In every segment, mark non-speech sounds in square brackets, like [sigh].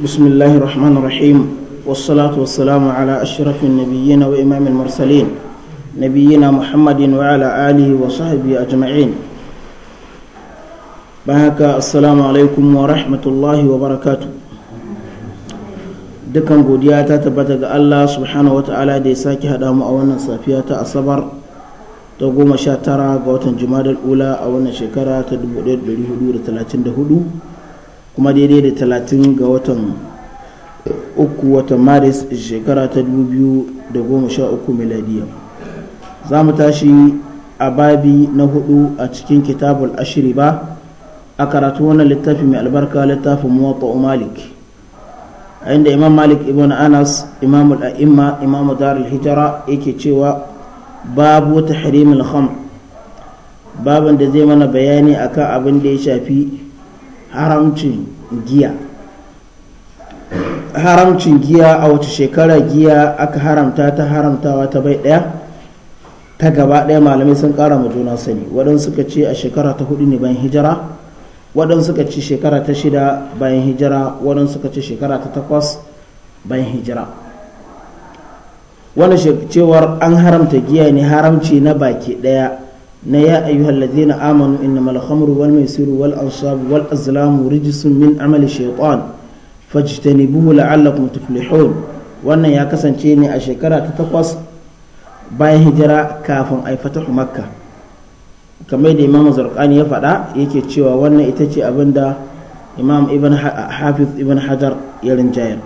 بسم الله الرحمن الرحيم والصلاة والسلام على أشرف النبيين وإمام المرسلين نبينا محمد وعلى آله وصحبه أجمعين بهك السلام عليكم ورحمة الله وبركاته dukan godiya ta tabbata ga Allah subhanahu wa ta'ala da ya sake haɗa mu a wannan safiya ta asabar ta goma sha tara ga watan jumadal ula a wannan shekara ta hudu. kuma daidai da talatin ga watan eh, uku watan maris shekara ta 2013 miladiya za mu tashi a babi na hudu a cikin kitabul ashiri ba a karatu wannan littafi mai albarka littafin muwatta malik a inda imam malik ibn anas imamul a'imma imamu darul hijira yake cewa babu ta harimul kham. babin da zai mana bayani akan abin da ya shafi haramcin giya haramcin giya a wace shekara giya aka haramta ta haramtawa ta bai daya ta gaba daya malamai sun kara ma juna sani waɗansu suka ce a shekara ta hudu ne bayan hijira waɗansu suka ce shekara ta shida bayan hijira waɗansu suka ce shekara ta takwas bayan hijira wani cewar an haramta giya ne haramci na baki daya na ya ayyuhal ladina amanu innamal khamru wal maisiru wal ansab wal azlamu rijsun min amali shaytan fajtanibuhu la'allakum tuflihun wannan ya kasance ne a shekara ta takwas bayan hijira kafin ai fatahu makka kamar da imam zarqani ya faɗa yake cewa wannan ita ce abinda imam ibn hafiz ibn hajar ya rinjaya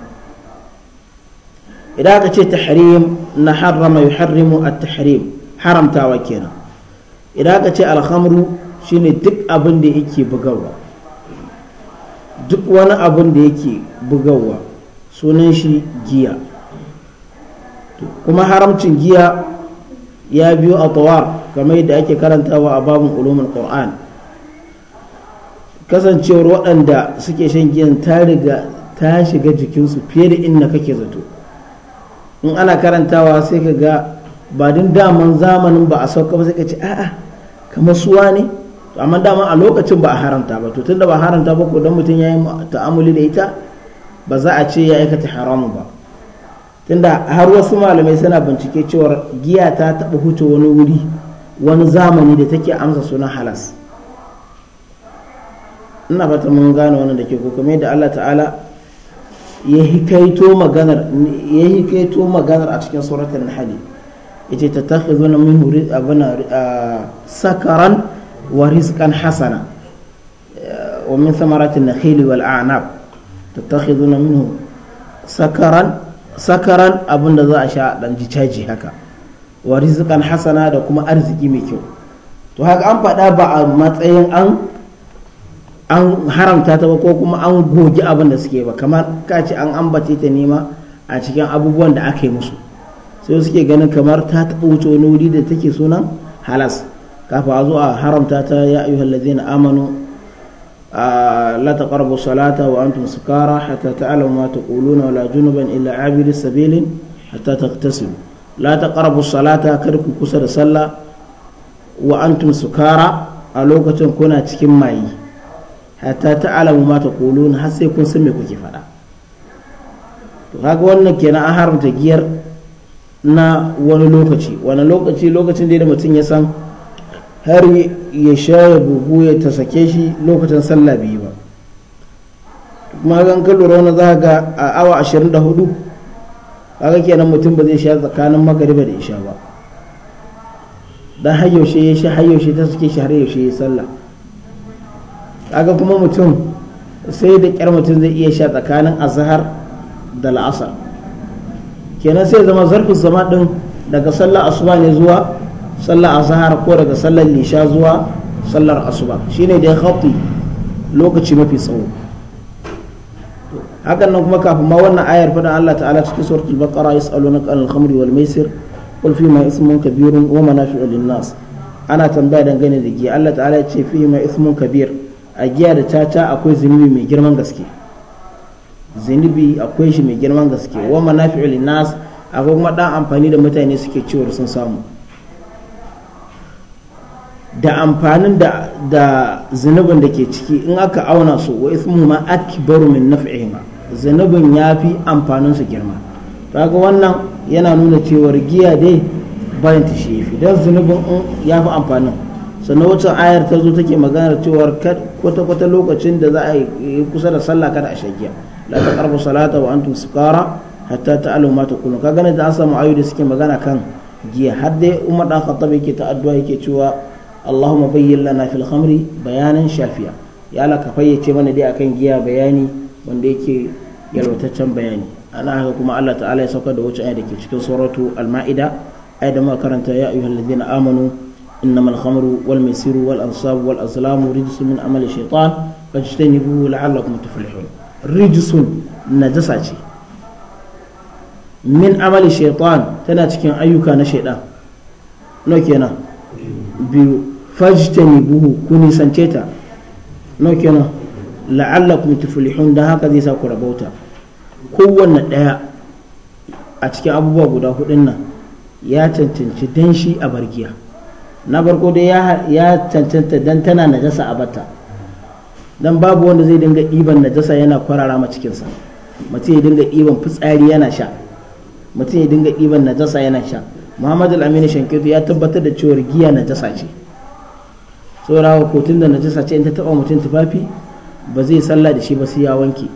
idan aka ce tahrim na harrama yuharrimu at-tahrim haramtawa kenan idan aka ce alhamru shine duk abin da yake bugawa duk wani abin da yake bugawa sunan shi giya kuma haramcin giya ya biyo a tawar kamar da ake karantawa a babin ulumin ƙoran kasancewar waɗanda suke shan giyan ta riga ta shiga jikinsu fiye da inda kake zato in ana karantawa sai ka ga ba din daman zamanin ba a sauka ba sai ka ce a'a kamar suwa ne to amma dama a lokacin ba a haramta ba to tunda ba haramta ba ko dan mutum ya yi ta'amuli da ita ba za a ce ya aikata haramu ba tunda har wasu malamai suna bincike cewar giya ta taba huce wani wuri wani zamani da take amsa sunan halas ina fata mun gane wannan da ke ko kamar yadda Allah ta'ala ya hikaito maganar a cikin suratul hadid yace tattakhizuna minhu abana sakaran wa rizqan hasana wa min thamarati na hili wal a'nab tattakhizuna min sakaran sakaran abinda za a sha dan ji caji haka wa rizqan hasana da kuma arziki mai kyau to haka an faɗa ba a matsayin an an haramta ta ba ko kuma an gogi abin da suke ba kamar ka ce an ambace ta nema a cikin abubuwan da aka yi musu sai suke ganin kamar ta taɓa wuce wani wuri da take sunan halas kafa a zuwa haramta ta ya ayu hallazi na amanu a lata ƙarfi salata wa antum sukara hatta ta alama ta ƙuluna wala junuban illa abiri sabilin hatta ta tasir lata ƙarfi salata kar ku kusa da sallah wa antum sukara a lokacin kuna cikin mayi hatta ta alama ma ta ƙuluna har sai kun san me kuke faɗa to wannan kenan an haramta giyar na wani lokaci wani lokaci lokacin da mutum ya san har ya sha ya bugu ya ta sake shi lokacin sallah biyu ba kuma kan ka lura wani za ga a awa 24 kaga kenan mutum ba zai sha tsakanin magariba da isha ba dan har yaushe ya sha har yaushe ta sake shi har yaushe ya sallah kaga kuma mutum sai da kyar mutum zai iya sha tsakanin azhar da la'asar kenan sai zama zarfin zama din daga sallar asuba ne zuwa sallar azhar ko daga sallar lisha zuwa sallar asuba shine dai khatti lokaci mafi tsawo hakan nan kuma kafin ma wannan ayar fadan Allah ta'ala cikin suratul baqara yas'alunaka anil khamri wal maisir qul fima ismun kabirun wa manafi'u lin nas ana tambaya dangane da giya Allah ta'ala ya ce fima ismun kabir a giya da tata akwai zunubi mai girman gaske zunubi akwai shi mai girman gaske wa manafi'u linnas akwai kuma dan amfani da mutane suke ciwar sun samu da amfanin da da da ke ciki in aka auna su wa ismu ma akbaru min naf'ihima zunubin yafi amfanin su girma kaga wannan yana nuna cewar giya dai bayan ta shi dan zunubin yafi amfanin sannan wacce ayar ta zo take magana cewar kwata-kwata lokacin da za a yi kusa da sallah kada a shagiya la taqrabu salata wa antum sukara hatta ta'lamu ma taqulun ka gane da an samu ayoyi da suke magana kan giya har dai Umar dan Khattab yake ta addu'a yake cewa Allahumma bayyin lana fil khamri bayanan shafiya ya Allah ka fayyace mana dai akan giya bayani wanda yake yalwataccen bayani ana haka kuma Allah ta'ala ya sauka da wacce aya da ke cikin suratu al-ma'ida aya da muka karanta ya ayyuhallazina amanu إنما الخمر والميسر والأنصاب والأزلام رجس من عمل الشيطان فاجتنبوه لعلكم تفلحون rijisun najasa ce min amali shaitan tana cikin ayyuka na shaitan no kenan biyu fajtani buhu ku nisance ta no kenan la'allakum tuflihun dan haka zai sa ku rabauta kowanne daya a cikin abubuwa guda hudun nan ya cancanci danshi a bargiya na farko dai ya cancanta dan tana najasa a bata dan babu wanda zai dinga ɗiban najasa yana kwarara ma cikinsa mutum ya dinga ɗiban fitsari yana sha mutum ya dinga ɗiban najasa yana sha muhammad al-aminu shankiru ya tabbatar da cewar giya najasa ce tsorawa kotun da najasa ce in ta taɓa mutum tufafi ba zai sallah da shi ba sai ya wanke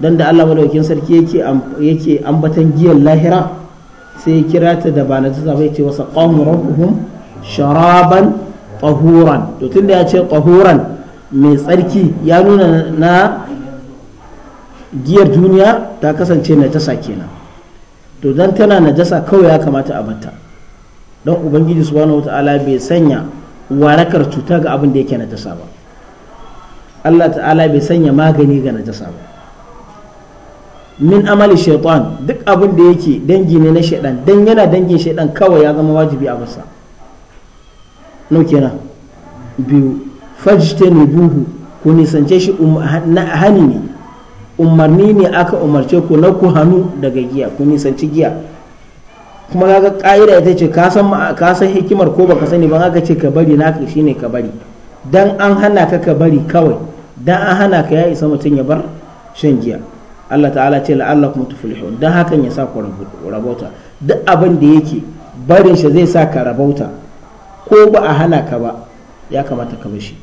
dan da allah madaukin sarki yake yake ambatan giyan lahira sai ya kira ta da ba najasa ba yace ce wasa qawmu rabbuhum sharaban tahuran to tunda ya ce tahuran mai tsarki ya nuna na giyar duniya ta kasance najasa kenan to don tana najasa kawai ya kamata a bata don ubangiji subhanahu ta'ala bai sanya warakar cuta ga abin da yake najasa ba Allah ta'ala bai sanya magani ga najasa ba min amali shaitan duk abin da yake dangi ne na shaitan dan yana dangin shaitan kawai ya zama wajibi a basa nau kenan biyu fajtanibuhu ku nisance shi um-, hani ne umarni ne aka umarce ku na ku hannu daga giya ku nisanci giya kuma kaga ka'ida ita ce ka san hikimar ko baka sani ba haka ce ka bari naka shine ka bari dan an hana ka ka bari kawai dan an hana ka ya isa mutum ya bar shan giya Allah ta'ala ce la'allakum tuflihun dan hakan ya sa ku rabauta duk abin da yake barin shi zai sa ka rabauta ko ba a hana ka ba ya kamata ka bar shi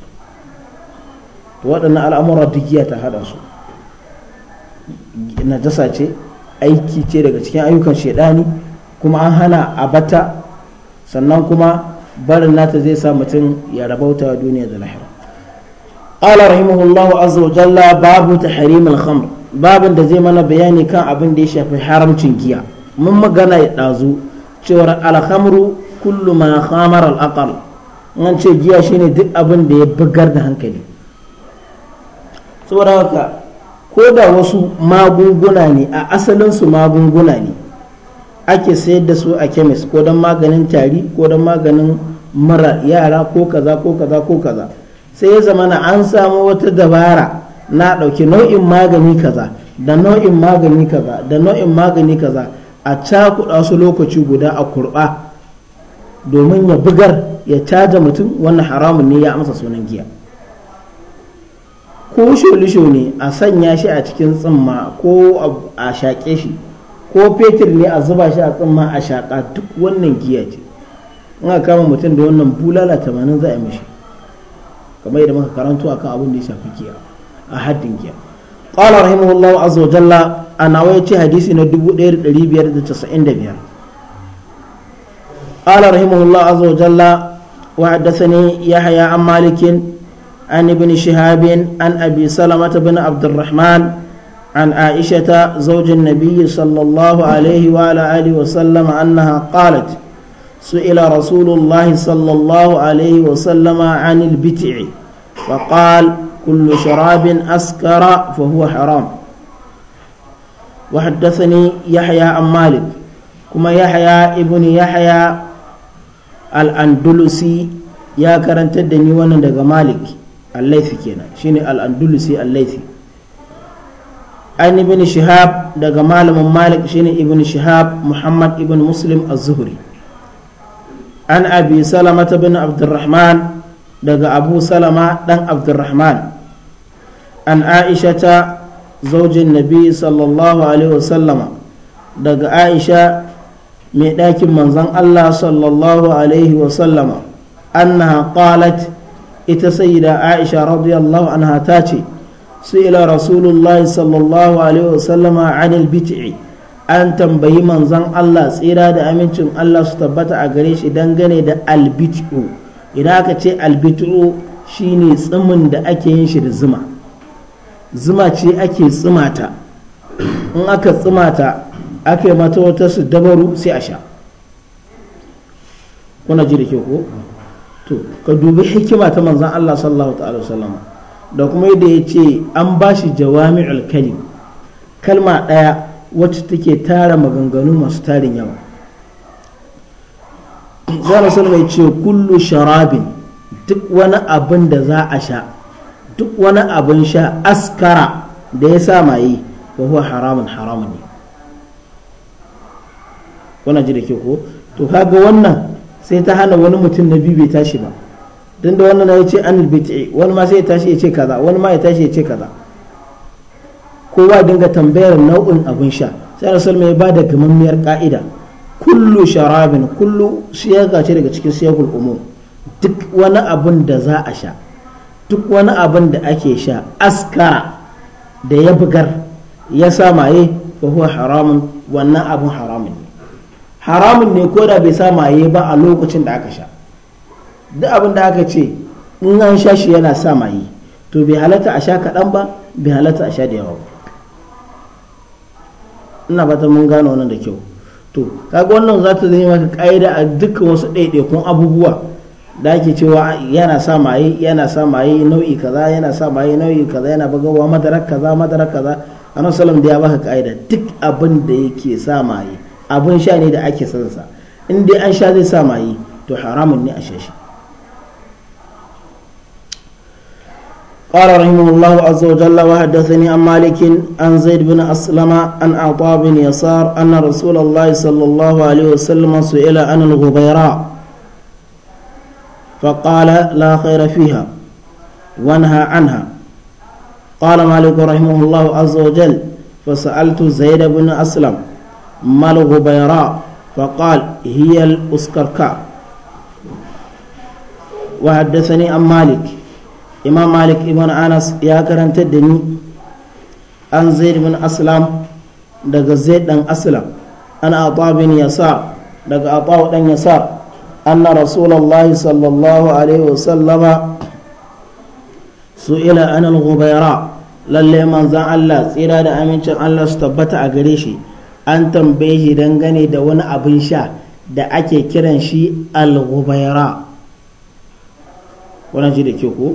waɗannan al'amura duk giya ta haɗa su najasa ce aiki ce daga cikin ayyukan shaidani kuma an hana a bata sannan kuma barin nata zai sa mutum ya rabauta duniya da lahira قال رحمه الله عز وجل باب تحريم الخمر babin da zai mana bayani kan abin da ya shafi haramcin giya mun magana ya ɗazu cewar alhamru kullu ma khamar al'aqal an ce giya shine duk abin da ya bugar da hankali saboda haka ko da wasu magunguna ne a asalin su magunguna ne ake sayar da su a kemis ko don maganin tari ko don maganin mara yara ko kaza ko kaza ko kaza sai ya zama na an samu wata dabara na ɗauki nau'in magani kaza da nau'in magani kaza da nau'in magani kaza a cakuɗa su lokaci guda a kurɓa domin ya bugar ya caja mutum wannan haramun ne ya amsa sunan giya ko sholisho ne a sanya shi a cikin tsamma ko a shaƙe shi ko fetur ne a zuba shi a tsamma a shaƙa duk wannan giya ce in aka kama mutum da wannan bulala tamanin za a yi mishi kamar yadda muka karanto akan abin da ya shafi giya a haddin giya qala rahimahullahu azza wa jalla ana waya ce hadisi na 1595 qala rahimahullahu azza wa jalla wa haddathani yahya an malikin عن ابن شهاب عن أبي سلمة بن عبد الرحمن عن عائشة زوج النبي صلى الله عليه وعلى آله وسلم أنها قالت سئل رسول الله صلى الله عليه وسلم عن البتع فقال كل شراب أسكر فهو حرام وحدثني يحيى عن مالك كما يحيى ابن يحيى الأندلسي يا كرنت الدنيا ونندق مالك al kenan shine al-andalusi al an ibn shihab daga malamin malik shine ibn shihab muhammad ibn muslim az-zuhri an abi salama bin abdurrahman daga abu salama dan abdurrahman an aisha ta zaujin nabi sallallahu alaihi wasallama daga aisha mai ɗakin manzon allah sallallahu alaihi wasallama annaha qalat ita sayyida aisha radiyallahu anha ta ce su ila rasulullahi sallallahu alaihi wasallama anil bit'i an tambayi manzon Allah tsira da amincin Allah su tabbata a gare shi dangane da albit'u idan aka ce albit'u shine tsimin da ake yin shi da zuma zuma ce ake tsimata in aka tsimata ake mata wata su dabaru sai a sha kuna ji da ke ko to ka dubi hikima ta manzan Allah sallallahu ta'ala wasallam da kuma yadda ya ce an ba shi jawami'ul kalim kalma ɗaya wacce take tara maganganu masu tarin yawa zara sallallahu mai ce kullu sharabin duk wani abin da za a sha duk wani abin sha askara da ya sa maye wa huwa haramun haramun ne wannan ji da ke ko to kaga wannan sai ta hana wani mutum na biyu bai tashi ba don da wannan ya ce an bid'i wani ma sai ya tashi ya ce kaza wani ma ya tashi ya ce kaza kowa dinga tambayar nau'in abin sha sai rasul mai ba da gamammiyar ka'ida kullu sharabin kullu siyaga ce daga cikin siyagul umum duk wani abin da za a sha duk wani abin da ake sha askara da ya bugar ya sa maye fa huwa haramun wannan abin haram haramun ne ko da bai sa maye ba a lokacin da aka sha duk abin da aka ce in an sha shi yana sa maye to bai halatta a sha kaɗan ba bai halatta a sha da yawa ba ina fata mun gano wannan da kyau to kaga wannan za ta zama maka ƙa'ida a dukkan wasu ɗaiɗaikun abubuwa da ake cewa yana sa maye yana sa maye nau'i kaza yana sa maye nau'i kaza yana bugawa madarar kaza madarar kaza annabi sallallahu alaihi wasallam da ya baka ƙa'ida duk abin da yake sa maye abun sha ne da ake sansa in dai an sha zai sa maye to haramun ne a sha shi قال رحمه الله عز وجل وحدثني عن مالك عن زيد بن أسلم عن عطاء بن يسار أن رسول الله صلى الله عليه وسلم سئل عن الغبيراء فقال لا خير فيها وانهى عنها قال مالك رحمه الله عز وجل فسألت زيد بن أسلم mal ghubayra fa qal hiya al uskarka wa hadathani am malik imam malik ibn anas ya karanta da ni an zaid ibn aslam daga zaid dan aslam ana ata bin yasar daga ata dan yasar anna rasulullahi sallallahu alaihi wa sallama su'ila anil ghubayra lalle manzan allah tsira da amincin allah su tabbata a gare shi an tambaye shi dangane da wani abin sha da ake kiran shi al-ghubaira wannan ji da ke ko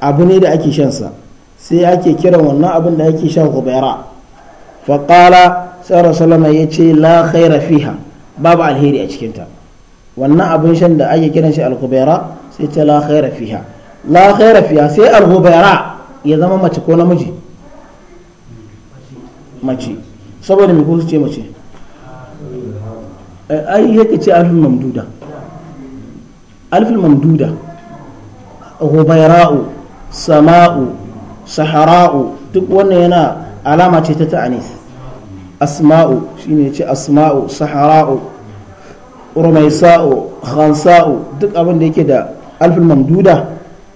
abu ne da ake shansa sai ake kiran wannan abin da ake sha ghubaira faƙala sai rasulama ya ce la khaira fiha babu alheri a cikinta wannan abin shan da ake kiran shi al-ghubaira sai ta la khaira fiha la khaira fiha sai al-ghubaira ya zama mace ko namiji mace saboda mai kuma ce mace eh, ai yake ce alfil mamduda alfil mamduda hubaira'u sama'u shaharau duk wannan yana alama ce ta ta'anis asma'u shine ce asma'u shaharau rumaisa'u khansa'u duk abin da yake da alfil mamduda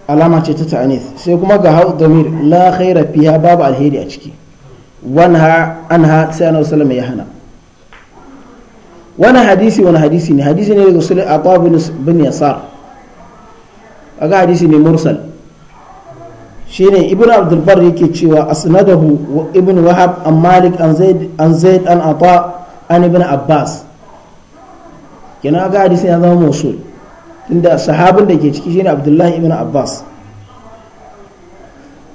alama ce ta ta'anis sai kuma ga hau damir la khaira fiha babu alheri a ciki wanha anha sai annabi sallallahu ya hana wani hadisi wani hadisi ne hadisi ne daga sulai aqwa bin yasar kaga hadisi ne mursal shine ibn abdul bar yake cewa asnadahu ibn wahab an malik an zaid an zaid an ata an ibn abbas kenan ga hadisin ya zama mausul tunda sahabin da ke ciki shine abdullahi ibn abbas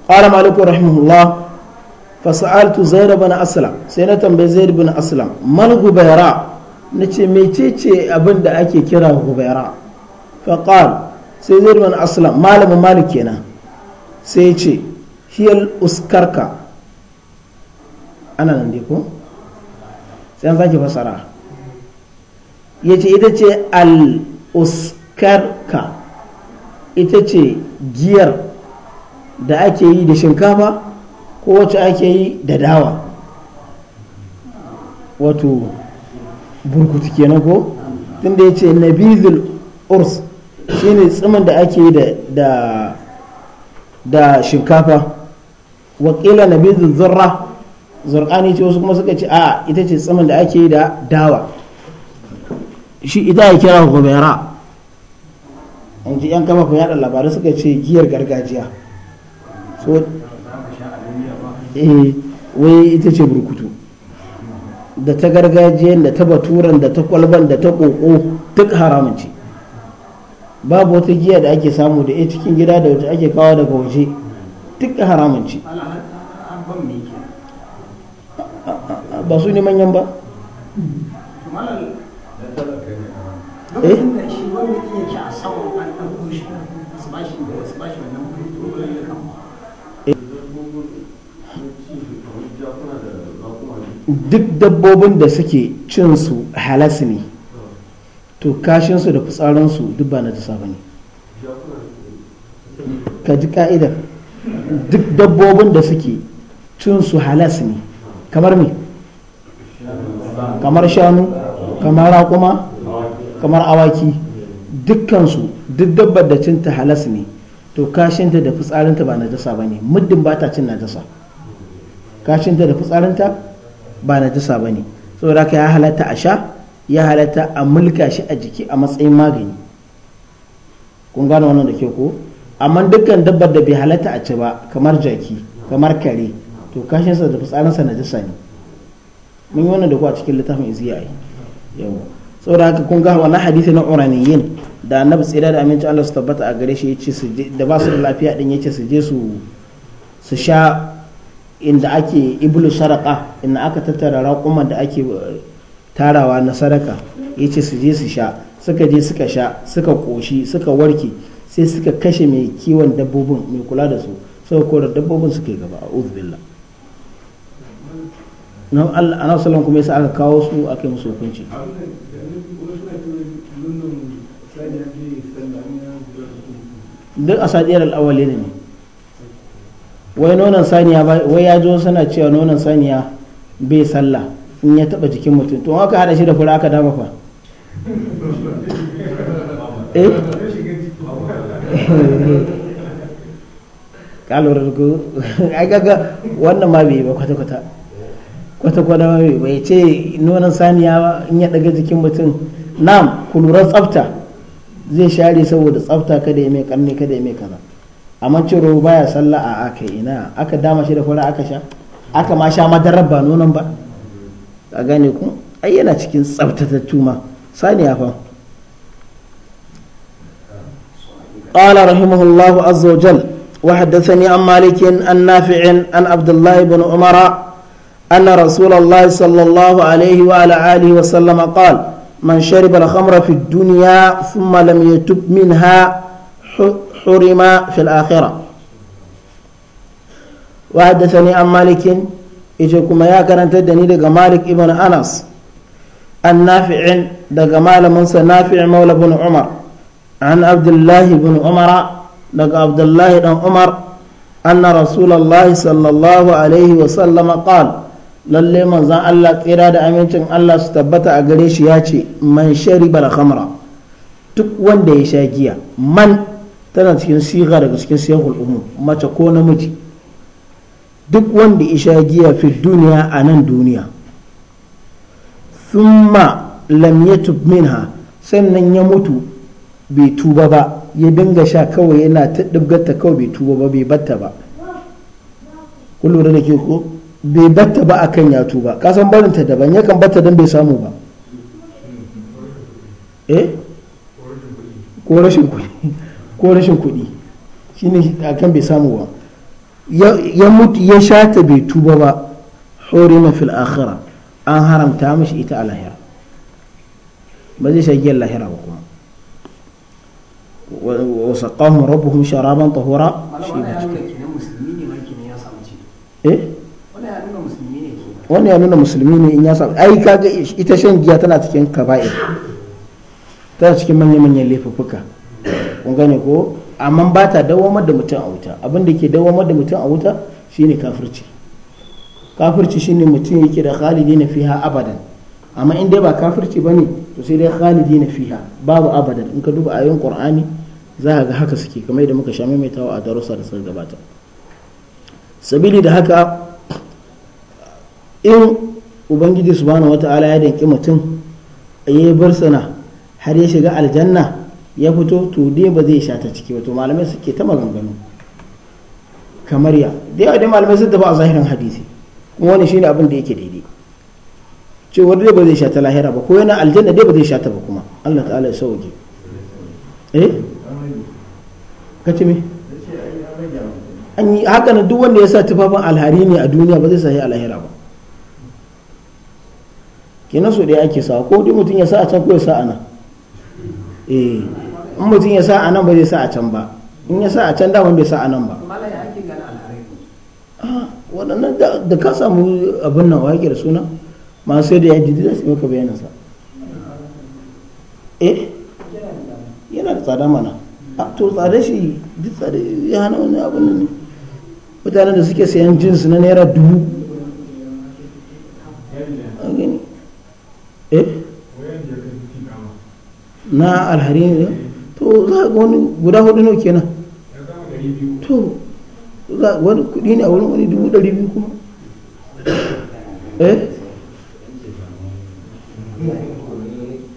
qala malik rahimahullah fasa'altu zaira bin aslam sai na tambayi zaira bin aslam mal gubaira na ce mecece abin da ake kira gubaira faqal sai zaira bin aslam malamin malik kenan sai ya ce hiyal uskarka ana nan ko sai an sake fasara ya ce ita ce al uskarka ita ce giyar da ake yi da shinkafa ko wacce ake yi da dawa wato burkutu kenan ko tunda ya ce nabizul urs shine tsimin da ake yi da da shinkafa wakila nabizul zurra zurkani ce wasu kuma suka ce a ita ce tsimin da ake yi da dawa shi ita ya kira gobera in ji 'yan kafafen yada labarai suka ce giyar gargajiya so eh wai ita ce burkutu da ta gargajiyar da ta baturan da ta kwalban da ta koko duk haramun ce babu wata giya da ake samu da ya cikin gida da wata ake kawo daga waje duk haramun ce ba su ne manyan ba eh duk dabbobin da suke cin su halas ne to kashinsu da fitsarinsu duk ba na jisa ba ne ka ji ka'idar duk dabbobin da suke cin su halas ne kamar me kamar shanu kamar raƙuma kamar awaki dukkansu duk dabbar da cinta halas ne to kashinta da fitsarinta ba na jisa ba ne muddin ba ta cin na jisa kashinta da fitsarinta ba na najasa ne saboda ka ya halatta a sha ya halatta a mulka shi a jiki a matsayin magani kun gane wannan da ke ko amma dukkan dabbar da bai halatta a ci ba kamar jaki kamar kare to kashinsa da fitsarinsa jisa ne mun yi wannan da ku a cikin littafin iziya ai yawa saboda haka kun ga wannan hadisi na uraniyin da annabi tsira da aminci Allah su tabbata a gare shi ce su da ba su da lafiya din ya ce su je su su sha inda ake iblu saraka inda aka tattara raƙuman da ake uh, tarawa na sadaka ya ce su je su sha suka je suka sha suka ƙoshi suka warke sai suka kashe mai kiwon dabbobin mai kula da su suka kora dabbobin suka yi gaba a uzbillah na alasalan kuma yasa aka kawo su aka yi musu hukunci duk a sadiyar al'awali ne wai nonon saniya ba wai ya zo sana cewa nonon saniya bai sallah in ya taba jikin mutum to haka hada shi da fura aka dama fa eh? [laughs] kalorar ku [laughs] ai kaga wannan ma bai ba kwata kwata kwata kwata ma bai bai ce nonon saniya ba in ya daga jikin mutum nam ku tsafta zai share saboda tsafta kada ya mai karni kada ya mai kaza amma ciro baya sallah a aka ina dama shi da fara aka sha aka ma sha ba nonon yana cikin tsaftata tuma sani ya fa qala rahimahullahu azza wa jal wa an malikin an nafi'in an abdullahi ibn umara أن رسول الله صلى الله عليه وعلى آله وسلم قال من شرب الخمر في الدنيا ثم لم يتب منها حرم في الآخرة وحدثني عن مالك إجاكما يا كرنت دني مالك ابن أنس النافع دقى مال منسى نافع مولى بن عمر عن عبد الله بن عمر دقى عبد الله بن عمر أن رسول الله صلى الله عليه وسلم قال lalle manzan Allah tsira da amincin Allah su tabbata a gare shi ya ce man sharibar khamra duk wanda ya sha giya man tana cikin siga daga cikin siyahul umu mace ko namiji duk wanda isha giya fi duniya a nan duniya thumma lam yatub minha sannan ya mutu bai tuba ba ya dinga sha kawai yana ta dubgata kawai bai tuba ba bai batta ba kullum da ke ko bai batta ba akan ya tuba kasan barinta daban yakan batta don bai samu ba eh ko rashin kuɗi ko rashin kuɗi shi ne a kan bai samu ba ya mutu ya shata bai tuba ba hurima fil akhirah an haramta mashi ita a lahira ba zai shagiyar lahira ba kuma وسقاهم ربهم شرابا طهورا wani ya nuna musulmi ne in ya samu ai kaga ita shan giya tana cikin kaba'ir tana cikin manya-manyan laifuffuka kun gane ko amma ba ta dawamar da mutum a wuta abin da ke dawamar da mutum a wuta shine kafirci kafirci shine mutum yake da khalidi na fiha abadan amma in dai ba kafirci bane to sai dai khalidi na fiha babu abadan in ka duba ayoyin qur'ani za ka ga haka suke kamar yadda muka sha maimaitawa a darussa da suka gabata sabili da haka in ubangiji subhanahu wata'ala ya danki mutum ya bar sana har ya shiga aljanna ya fito to dai ba zai sha ta ciki ba to malamai suke ta maganganu kamar ya da yawa dai malamai sun tafi a zahirin hadisi kuma wani shine abin da yake daidai ce cewar dai ba zai sha ta lahira ba ko yana aljanna dai ba zai sha ta ba kuma Allah ta'ala ya sauke eh ka ce me an yi haka na duk wanda ya sa tufafin alhari ne a duniya ba zai sahi a lahira ba kenan so da ake sawa ko duk mutum ya sa a can ko ya sa a nan eh in mutum ya sa a nan ba zai sa a can ba in ya sa a can daman bai sa a nan ba ah, waɗannan da ka samu abin nan wa da suna masu yadda ya jidi zai su maka sa eh yana da tsada mana a ah, to tsada shi duk tsada ya hana wani abin nan mutanen da suke sayan jinsu na naira dubu eh na alhari ne wani guda hudu nawa kenan to za wani kudi ne a wani wani dubu dari biyu kuma eh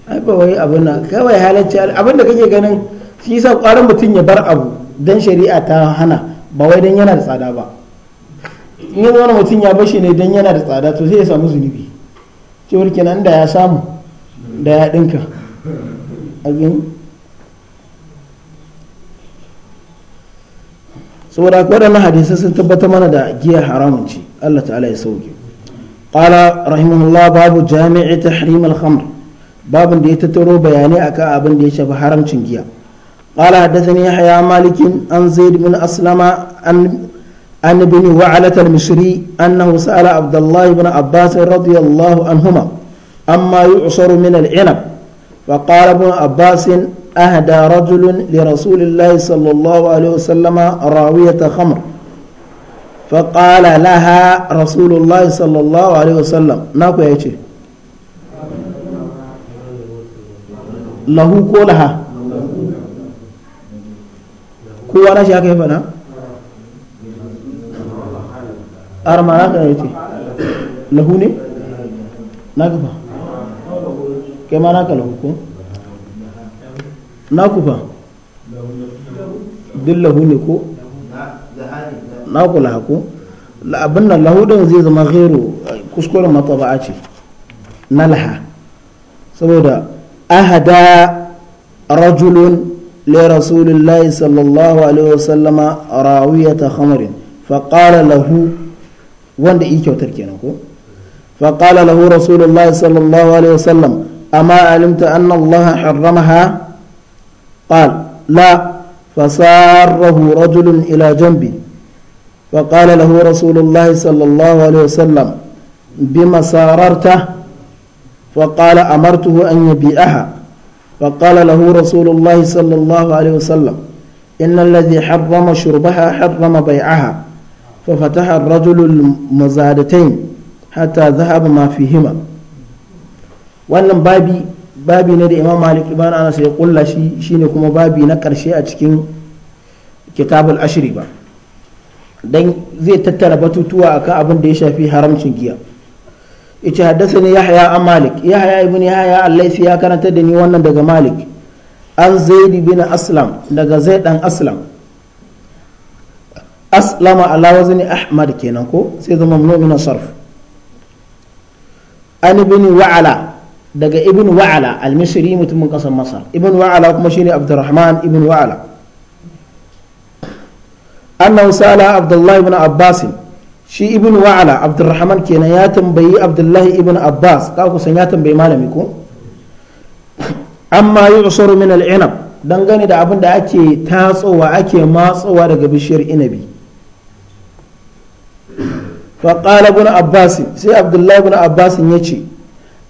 ai ba wai abin na kawai halarci abin da kake ganin shi yasa ƙwarar mutum ya bar abu don shari'a ta hana ba wai don yana da tsada ba in yanzu wani mutum ya bashi ne don yana da tsada to sai ya samu zunubi cewar kenan da ya samu da ya dinka a saboda akwai waɗannan hadisai sun tabbata mana da giya haramun ce Allah ta'ala ya sauke qala rahimahullah babu jami'i ta al-khamr babun da ya tattaro bayanai akan abin da ya shafi haramcin giya qala hadathani haya malikin an zaid bin aslama an an bin wa'ala al-mishri annahu sa'ala abdullah ibn abbas radiyallahu anhuma amma yu'saru min al-inab وقال ابن عباس أهدى رجل لرسول الله صلى الله عليه وسلم راوية خمر فقال لها رسول الله صلى الله عليه وسلم ناكو يا lahu ko laha kowa na shi haka yi fana arma haka ya ce lahu ne na gaba naku fa dillahu ne ko naku lahaku abin nan lahudan zai zama ghairu kuskuren mataba'a ce na laha saboda ahada rajulun la rasulillahi sallallahu alaihi wasallam rawiyata khamarin faqala lahu wanda yi kyautar fa ko faqala lahu rasulullahi sallallahu alaihi wasallam amma alimta anna allaha harramaha قال لا فساره رجل إلى جنبي وقال له رسول الله صلى الله عليه وسلم بما ساررته فقال أمرته أن يبيعها فقال له رسول الله صلى الله عليه وسلم إن الذي حرم شربها حرم بيعها ففتح الرجل المزادتين حتى ذهب ما فيهما wannan babi babi ne da imam malik ibn anas ya kulla shi shine kuma babi na karshe a cikin kitabul ashri ba dan zai tattara batutuwa akan abin da ya shafi haramcin giya yace haddathani yahya an malik yahya ibn yahya al ya karanta da ni wannan daga malik an zaid bin aslam daga zaid dan aslam aslama ala wazni ahmad kenan ko sai zama mu'minin sarf an ibn wa'ala daga ibn wa'ala al-misri mutumin kasar masar ibn wa'ala kuma shine abdurrahman ibn wa'ala annahu sala abdullahi ibn abbas shi ibn wa'ala abdurrahman kenan ya tambayi abdullahi ibn abbas ka kusan ya tambayi malami ko amma yu'saru min al-inab dangane da abin da ake tatsowa ake matsowa daga bishiyar inabi فقال ابن عباس سي عبد الله بن عباس يجي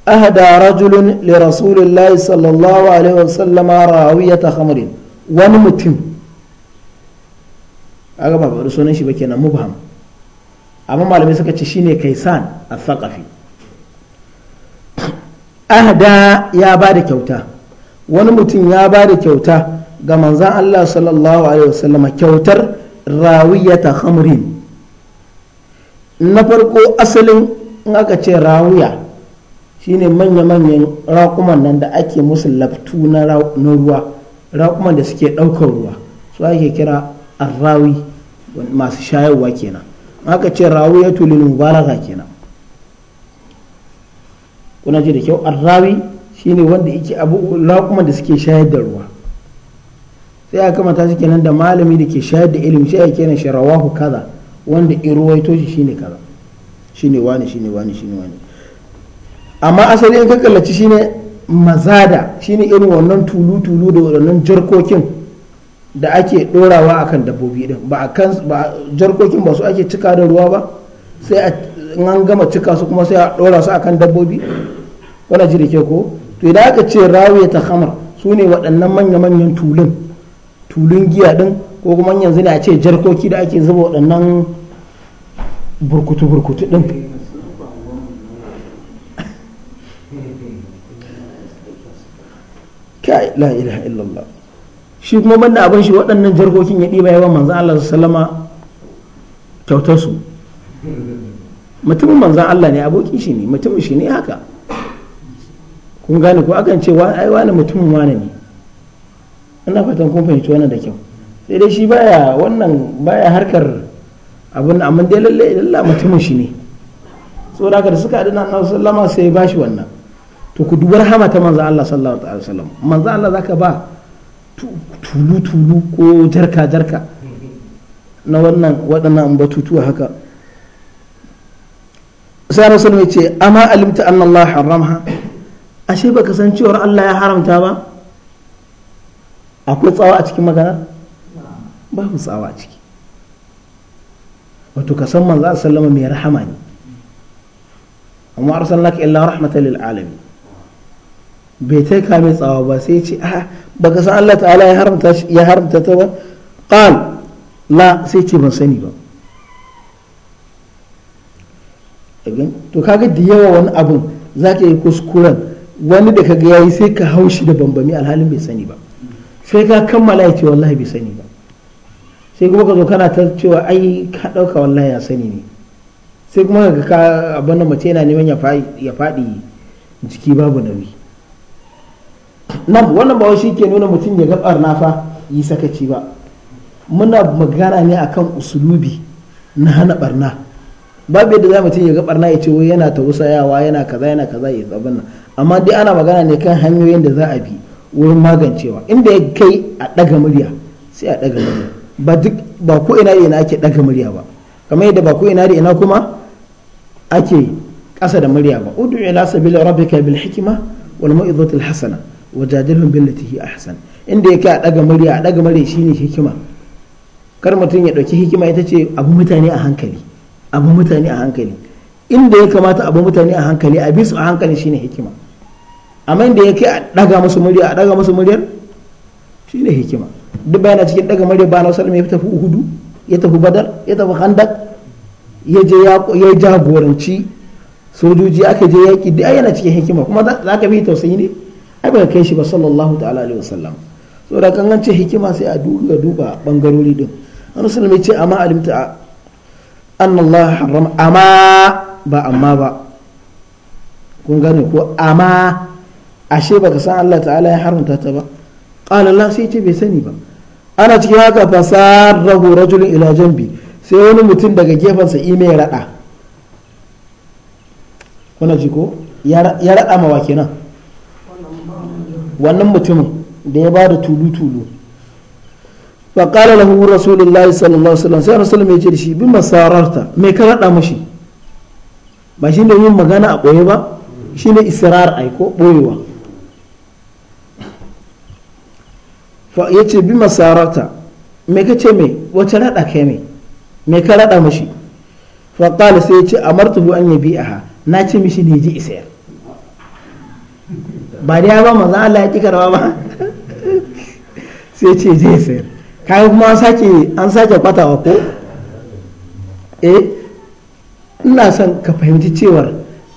أهدى رجل لرسول الله صلى الله عليه وسلم راوية خمر ونمتم aga ba bari sunan shi ba kenan mubham amma malamai suka ce shine kaisan al-thaqafi ahda ya ba da kyauta wani mutum ya ba da kyauta ga manzan Allah sallallahu alaihi wasallama kyautar rawiyata khamrin na farko asalin in aka ce rawiya shine manya-manyan raƙuman nan da ake musu laftu na ruwa raƙuman da suke ɗaukar ruwa su ake kira arrawi masu shayarwa kenan aka ce rawi ya tuli mubaraka kenan kuna ji da kyau arrawi shine wanda yake abu raƙuman da suke shayar da ruwa sai kama ta shi nan da malami da ke shayar da ilimi sai ake kenan shi rawahu kaza wanda iruwaito shi shine kaza shine wani shine wani shine wani amma asali in ka kallaci shine mazada shine irin wannan tulu-tulu da wannan jarkokin da ake dorawa akan dabbobi din ba kan ba jarkokin ba su ake cika da ruwa ba sai a an gama cika su kuma sai a dora su akan dabbobi wannan ji ke ko to idan aka ce rawaya ta khamar su ne waɗannan manya-manyan tulun tulun giya din ko kuma yanzu ne a ce jarkoki da ake zuba waɗannan burkutu-burkutu din kai la ilaha illallah shi kuma banda abin shi waɗannan jarkokin ya ɗiba yawan manzan Allah salama kyautar su mutumin manzan Allah ne abokin shi ne mutumin shi ne haka kun gane ko akan ce ai wani mutumin wani ne ina fatan kun fahimci wannan da kyau sai dai shi baya wannan baya harkar abin amma dai lalle lalle mutumin shi ne saboda haka da suka adana Allah sallama sai ya bashi wannan to ku dubar hama ta manzo Allah sallallahu alaihi wasallam manzo Allah zaka ba tulu tulu ko jarka jarka na wannan waɗannan batutuwa haka sai rasul ya ce amma alimta anna Allah haramha ashe baka san cewa Allah ya haramta ba akwai tsawa a cikin magana babu tsawa a ciki wato ka san manzo wasallam mai rahama ne amma arsalnaka illa rahmatan lil alamin bai ta mai tsawa ba sai ce a baka san Allah ta'ala ya haramta ya haramta ta ba qal la sai ce ban sani ba to kaga da yawa wani abun zaka yi kuskuren wani da kaga yayi sai ka haushi da bambami alhalin bai sani ba sai ka kammala ya ce wallahi bai sani ba sai kuma ka zo kana ta cewa ai ka dauka wallahi ya sani ne sai kuma ka abin da mace yana neman ya faɗi jiki babu nauyi nan wannan ba shi ke nuna mutum ya ga na fa yi sakaci ba muna magana ne akan usulubi na hana barna babu yadda za mutum ya ga barna ya ce wai yana tausayawa yana kaza yana kaza ya tsabin nan amma dai ana magana ne kan hanyoyin da za a bi wurin magancewa inda ya kai a daga murya sai a daga murya ba duk ba ko ina da ina ake daga murya ba kamar yadda ba ko ina da ina kuma ake ƙasa da murya ba udu ila sabila rabbika bil hikma wal mu'izatil hasana wajadilhum billati hi ahsan inda yake a daga murya a daga murya shine hikima kar mutum ya dauki hikima ita ce abu mutane a hankali abu mutane a hankali inda ya kamata abu mutane a hankali a bisu a hankali shine hikima amma inda yake a daga musu murya a daga musu muryar shine hikima duk bayana cikin daga murya ba na sallama ya tafi uhudu ya tafi badar ya tafi handak ya je ya jagoranci sojoji aka je yaki duk yana cikin hikima kuma za ka bi tausayi ne ai ba kai shi ba sallallahu ta'ala alaihi wasallam da kan an ce hikima sai a duba duba bangarori din an mai ce amma alimta an Allah haram amma ba amma ba kun gane ko amma ashe baka san Allah ta'ala ya haramta ta ba qala la sai ce bai sani ba ana cikin haka fasarrahu rajulun ila janbi sai wani mutum daga gefensa ime ya rada kuna ji ko ya rada mawa kenan wannan mutumin da ya ba da tulu-tulu ba ƙala lahu rasulullahi sallallahu alaihi sai rasulun mai ce da shi bi masararta mai ka raɗa mashi ba shi ne yin magana a ɓoye ba shi ne isirar aiko ɓoyewa ya ce bi masararta mai ka ce mai wacce raɗa kai mai mai ka raɗa mashi faƙala sai ya ce a martubu an yabi ha, na ce mishi ne ji isayar ba da ya ba manzo Allah ya ki ba sai ce zai sayar kai kuma an sake an sake kwatawa ko eh ina son ka fahimci cewar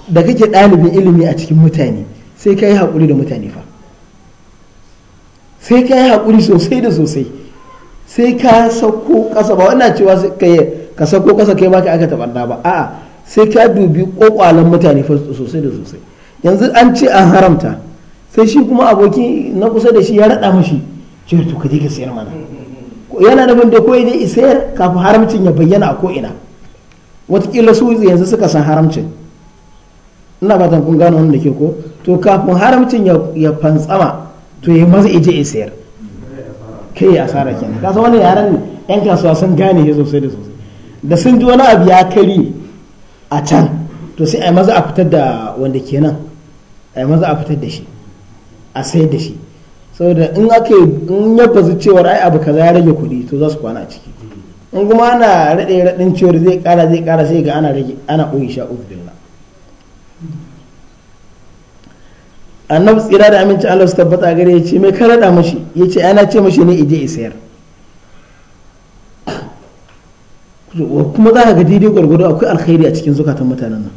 da kake ɗalibin ilimi a cikin mutane sai ka yi haƙuri da mutane fa sai ka yi haƙuri sosai da sosai sai ka sauko ƙasa ba wannan cewa ka sauko ƙasa kai ma ka aka taɓarna ba a'a sai ka dubi ƙwaƙwalen mutane fa sosai da sosai yanzu an ce an haramta sai shi kuma aboki na kusa da shi ya raɗa mashi ce to ka je ka sayar mana yana da bin da koyi dai sayar kafin haramcin ya bayyana a ko'ina watakila su yanzu suka san haramcin ina fatan kun gano wanda ke ko to kafin haramcin ya fantsama to ya maza ije ya sayar kai ya asara ka san wani yaran yan kasuwa sun gane ya sosai da sosai da sun ji wani abu ya kari a can to sai a maza a fitar da wanda kenan a yi maza a fitar da shi a sayar da shi saboda in ake in ya fasu cewar ai abu kaza ya rage kuɗi to za su kwana a ciki in kuma ana raɗe raɗin cewar zai ƙara zai ƙara sai ga ana rage ana ɓoye sha uku annabi tsira da aminci Allah su tabbata gare ya ce mai karada mashi ya ce ana ce mashi ne ije isayar kuma za ka ga daidai gwargwado akwai alkhairi a cikin zukatan mutanen nan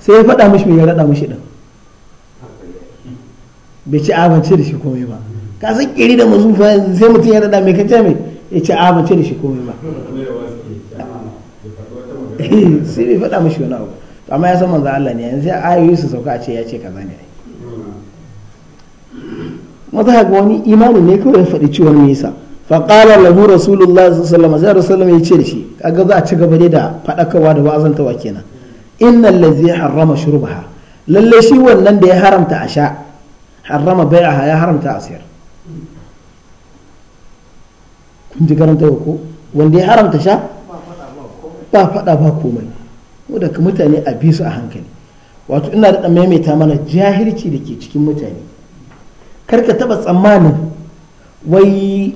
sai ya faɗa mashi mai ya raɗa mashi ɗin bai ci amince da shi komai ba ka san kiri da mazufa sai mutum ya rada mai kacce mai ya ci amince da shi komai ba [laughs] sai bai faɗa mashi wani abu amma ya san manzo Allah ne yanzu ayoyi su sauka a ce ya ce kaza ne maza ga wani imanin ne kawai ya faɗi ciwon nisa faƙala lahu rasulullah sallallahu alaihi wasallam ya ce da shi kaga za a ci gaba da faɗakarwa da wa'azantawa kenan innal ladzi harrama shurbaha lalle shi wannan da ya haramta a sha harrama bai'aha ya haramta a sayar kun ji karanta ko wanda ya haramta sha ba faɗa ba komai wadda ka mutane a bi su a hankali wato ina da maimaita mana jahilci da ke cikin mutane karka taba tsammanin wai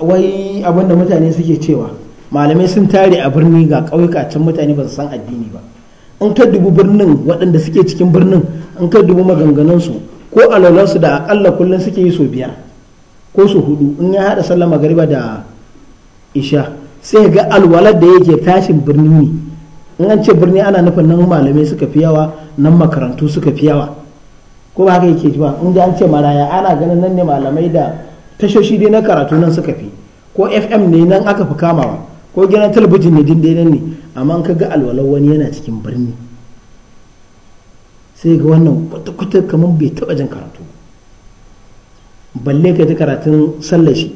wai abinda mutane suke cewa malamai sun tare a birni ga ƙauyuka can mutane ba su san addini ba in ka dubi birnin waɗanda suke cikin birnin in ka dubi maganganunsu ko alwalarsu da akalla kullum suke yi sau biya ko su hudu in ya haɗa sallar magariba da isha sai ga alwalar da yake tashin birni ne in an ce birni ana nufin nan malamai suka fi yawa nan makarantu suka fi yawa ko ba haka yake ba in an ce maraya ana ganin nan ne malamai da tashoshi dai na karatu nan suka fi ko fm ne nan aka fi kamawa ko gidan talabijin ne din nan ne amma in ka ga alwalar wani yana cikin birni sai ga wannan kwata-kwata kamar bai taɓa jin karatu balle ka ji karatun sallashi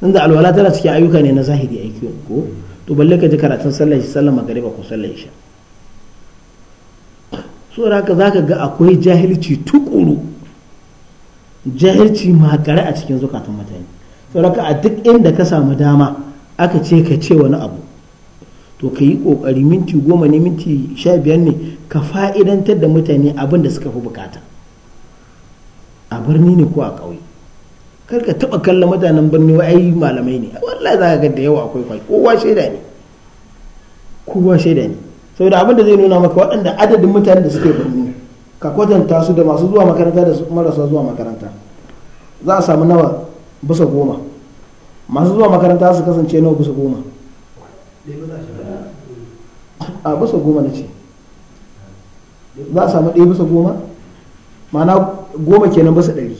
inda alwala tana cikin ayyuka ne na zahiri aiki ko to balle ka ji karatun sallashi sallan sallar ba ko sallan isha so da haka ka ga akwai jahilci tukuru jahilci makare a cikin zukatan mutane haka a duk inda ka samu dama aka ce ka ce wani abu to ka yi ƙoƙari minti goma ne minti sha biyar ne ka fa'idantar da mutane abin da suka fi bukata a birni ne ko a ƙauye kar ka taɓa kalla mutanen birni wa ai malamai ne wallahi za ka ga da yawa akwai kwai kowa shaida ne kowa shaida ne saboda abin da zai nuna maka waɗanda adadin mutanen da suke birni ka kwatanta su da masu zuwa makaranta da marasa zuwa makaranta za a samu nawa bisa goma masu zuwa makaranta su kasance nawa bisa goma a bisa goma na ce za a samu ɗaya bisa goma mana goma kenan bisa ɗari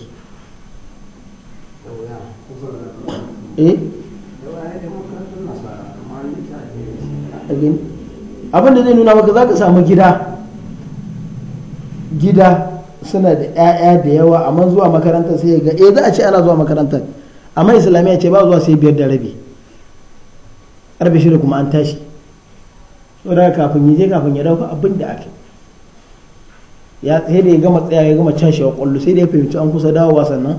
eh? abin da zai nuna maka za ka samu gida gida suna da 'ya'ya da yawa amma zuwa makarantar sai ga eh za a ce ana zuwa makarantar amma islamiyya ce ba zuwa sai biyar da rabi ƙarfe shida kuma an tashi saboda kafin ya je kafin ya dauka abin da ake ya tsaye da ya gama tsaya ya gama can shewa kwallo sai da ya fahimci an kusa dawowa sannan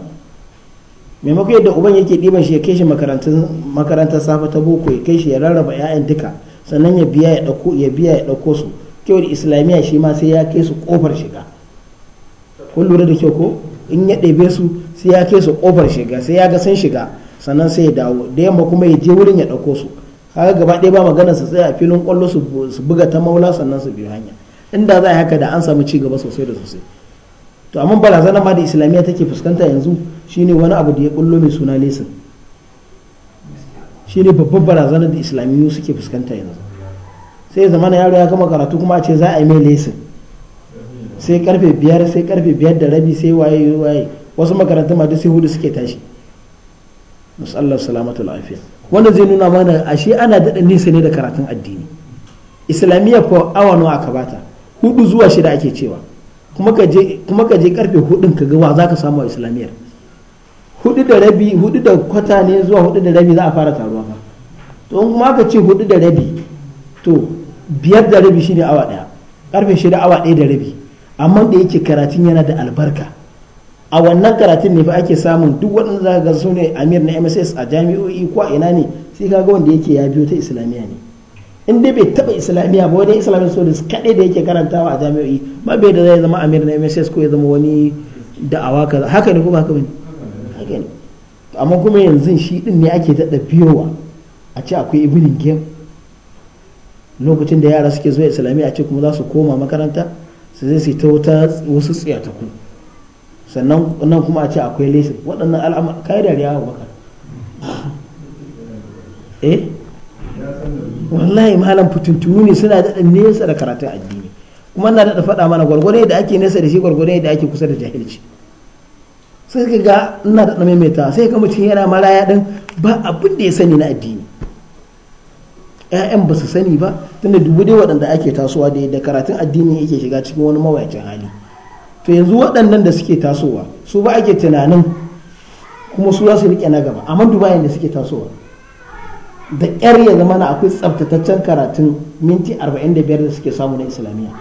maimakon yadda uban yake ɗiban shi ya kai shi makarantar safe ta boko ya kai shi ya rarraba 'ya'yan duka sannan ya biya ya ɗauko ya biya ya ɗauko su kyau da islamiyya shi ma sai ya kai su ƙofar shiga kun lura da kyau ko in ya ɗebe su sai ya kai su ƙofar shiga sai ya ga sun shiga sannan sai ya dawo da yamma kuma ya je wurin ya ɗauko su haka gaba ɗaya ba magana su tsaya a filin kwallo su buga ta maula sannan su biyu hanya inda za a haka da an samu ci gaba sosai da sosai to amma barazana ma da islamiyya take fuskanta yanzu shine wani abu da ya kullo mai suna lesin shine babban barazana da islamiyyu suke fuskanta yanzu sai zamana yaro ya gama karatu kuma a ce za a yi mai lesin sai karfe biyar sai karfe biyar da rabi sai waye waye wasu makarantar ma duk sai hudu suke tashi musallar salamatul afiya wanda zai nuna mana ashe ana daɗa nisa ne da karatun addini islamiyya ko awa nawa aka bata hudu zuwa shida ake cewa kuma ka je karfe hudun ka gawa za ka samu a islamiyyar hudu da rabi hudu da kwata ne zuwa hudu da rabi za a fara taruwa fa to in kuma ka ce hudu da rabi to biyar da rabi shine awa daya karfe shida awa daya da rabi amma da yake karatun yana da albarka a wannan karatun ne fa ake samun duk waɗanda za ga su amir na mss a jami'o'i ko a ina ne sai ka ga wanda yake ya biyo ta islamiyya ne in dai bai taba islamiyya ba wani islamic studies kaɗai da yake karantawa a jami'o'i ba bai da zai zama amir na mss ko ya zama wani da'awa kaza haka ne ko ba haka bane haka ne amma kuma yanzu shi din ne ake daɗa biyowa a ce akwai ibinin gem lokacin da yara suke zuwa islamiyya a ce kuma za su koma makaranta su zai su ta wasu tsiyataku sannan nan kuma a ce akwai lesin waɗannan al'amur kai dariya wa baka eh wallahi malam fitintunu ne suna daɗa nesa da karatun addini kuma na daɗa faɗa mana gwargwado da ake nesa da shi gwargwado da ake kusa da jahilci sai ka ga ina da maimaita sai ka mutum yana maraya din ba abin da ya sani na addini ƴaƴan ba su sani ba tunda dubu dai waɗanda ake tasowa da karatun addini yake shiga cikin wani mawayacin hali to yanzu waɗannan da suke tasowa su ba ake tunanin kuma su za su riƙe na gaba amma dubayin da suke tasowa da ƙyar ya zama na akwai tsaftataccen karatun minti 45 da suke samu na islamiyya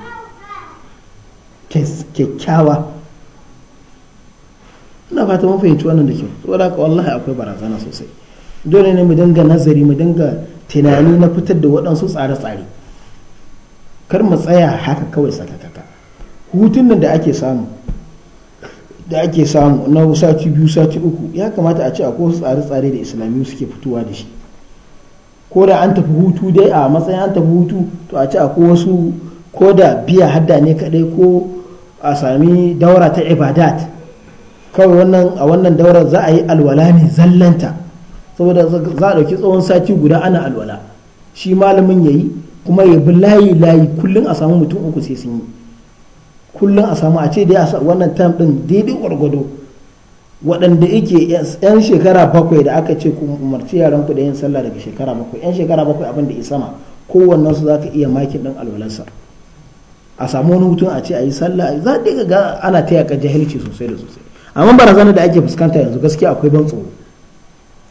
kyakkyawa ina fata mun fahimci wannan da kyau saboda haka wallahi akwai barazana sosai dole ne mu dinga nazari mu dinga tunani na fitar da waɗansu tsare-tsare kar mu tsaya haka kawai sakaka hutun da ake samu da ake samu na sati biyu sati uku ya kamata a ce a wasu tsare-tsare da islamiyu suke fitowa da shi ko da an tafi hutu dai a matsayin an tafi hutu to a ce ko wasu ko da biya hadda ne kadai ko a sami daura ta ibadat kawai wannan a wannan daura za a yi alwala mai zallanta saboda za a ɗauki tsawon sati guda ana alwala shi malamin ya yi kuma ya bi layi layi kullum a samu mutum uku sai sun yi kullum a samu a ce dai a wannan time din daidai gwargwado waɗanda yake yan shekara bakwai da aka ce ku umarci yaran ku da yin sallah daga shekara bakwai yan shekara bakwai abin da ya sama kowannen su zaka iya makin din alwalarsa a samu wani mutum a ce a yi sallah za a ga ana taya ka jahilci sosai da sosai amma barazanar da ake fuskanta yanzu gaskiya akwai ban tsoro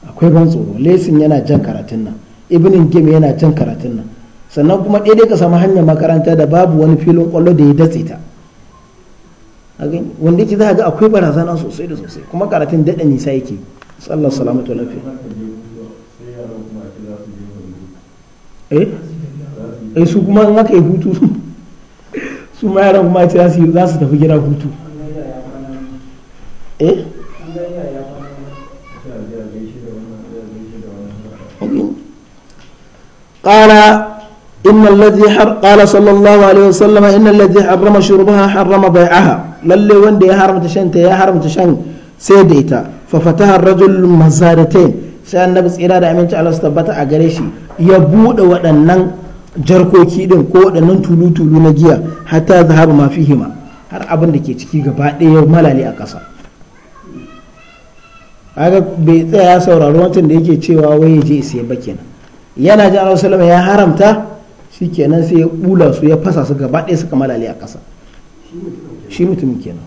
akwai ban tsoro lesin yana jan karatun nan ibnin game yana jan karatun nan sannan kuma dai ka samu hanyar makaranta da babu wani filin kwallo da ya datse ta wanda yake za ga akwai barazana sosai da sosai kuma karatun daɗa nisa yake sallar salamatu lafiya eh eh su kuma in yi hutu su ma yaran kuma ce za su tafi gida hutu eh قال إن الذي حر قال صلى الله عليه وسلم إن الذي حرم شربها حرم بيعها lalle wanda ya haramta shan ta ya haramta shan sai da ita fa fataha rajul mazaratain sai annabi tsira da aminci Allah su tabbata a gare shi ya bude waɗannan jarkoki din ko waɗannan tulu na giya hatta zahaba ma fihima har abin da ke ciki gaba ɗaya malali a ƙasa aga bai tsaya saurari wancan da yake cewa wai ya je sai ba kenan yana ji Allah sallama ya haramta shikenan sai ya bula su ya fasa su gaba ɗaya suka malale a ƙasa shi mutumin kenan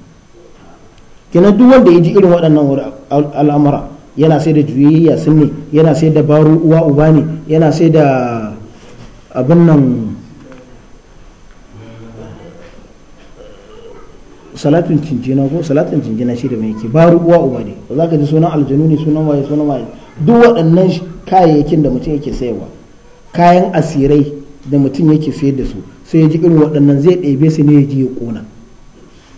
kenan duk wanda ya ji irin waɗannan al'amura yana sai da juyayya sun ne yana sai da baro uwa uba ne yana sai da abin nan salatin cincina ko salatin cincina shi da mai ke baro uwa uba ne ba za ka ji sunan aljanu ne sunan waye sunan waye duk waɗannan kayayyakin da mutum yake sayarwa kayan asirai da mutum yake sayar da su sai ya ji irin waɗannan zai ɗebe su ne ya ji ya ƙona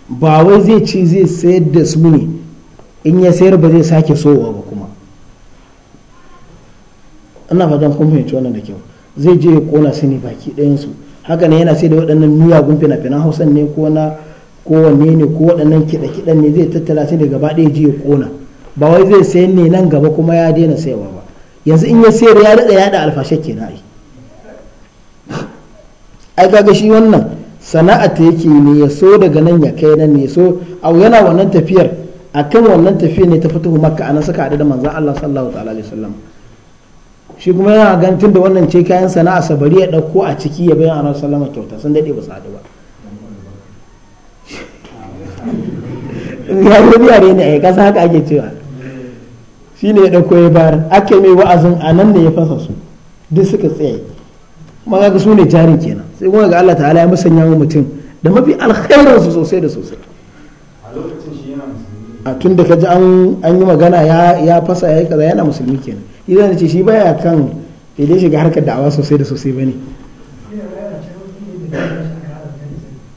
ba wai zai ci zai sayar da su ne in ya sayar ba zai sake sowa ba kuma ana fatan kun fahimci wannan da kyau zai je ya kona su ne baki ɗayansu haka ne yana sai da waɗannan miyagun fina-finan hausan ne ko na kowanne ne ko waɗannan kiɗa-kiɗan ne zai tattala su ne gaba ɗaya je ya kona ba wai zai sayar ne nan gaba kuma ya daina sayarwa ba yanzu in ya sayar ya daɗa yaɗa alfashe kenan ai ai kaga shi wannan sana'a ta yake ne ya so daga nan ya kai nan ne so au yana wannan tafiyar akan wannan tafiyar ne ta fito makka ana saka hada da manzon Allah sallallahu ta'ala alaihi wasallam shi kuma yana gantin da wannan ce kayan sana'a sabari ya dauko a ciki ya bayan annabi sallallahu kyauta sun dade ba su hadu ba yare yare ne ai kasa haka ake cewa shine ya dauko ya bayar ake mai wa'azin anan ne ya fasa su duk suka tsaye kuma ga su ne jari kenan sai kuma ga Allah ta'ala ya musanya mu mutum da mafi alkhairin su sosai da sosai a tun da ka ji an yi magana ya fasa ya yi kaza yana musulmi kenan idan ce shi baya kan idan shiga harkar da'awa sosai da sosai bane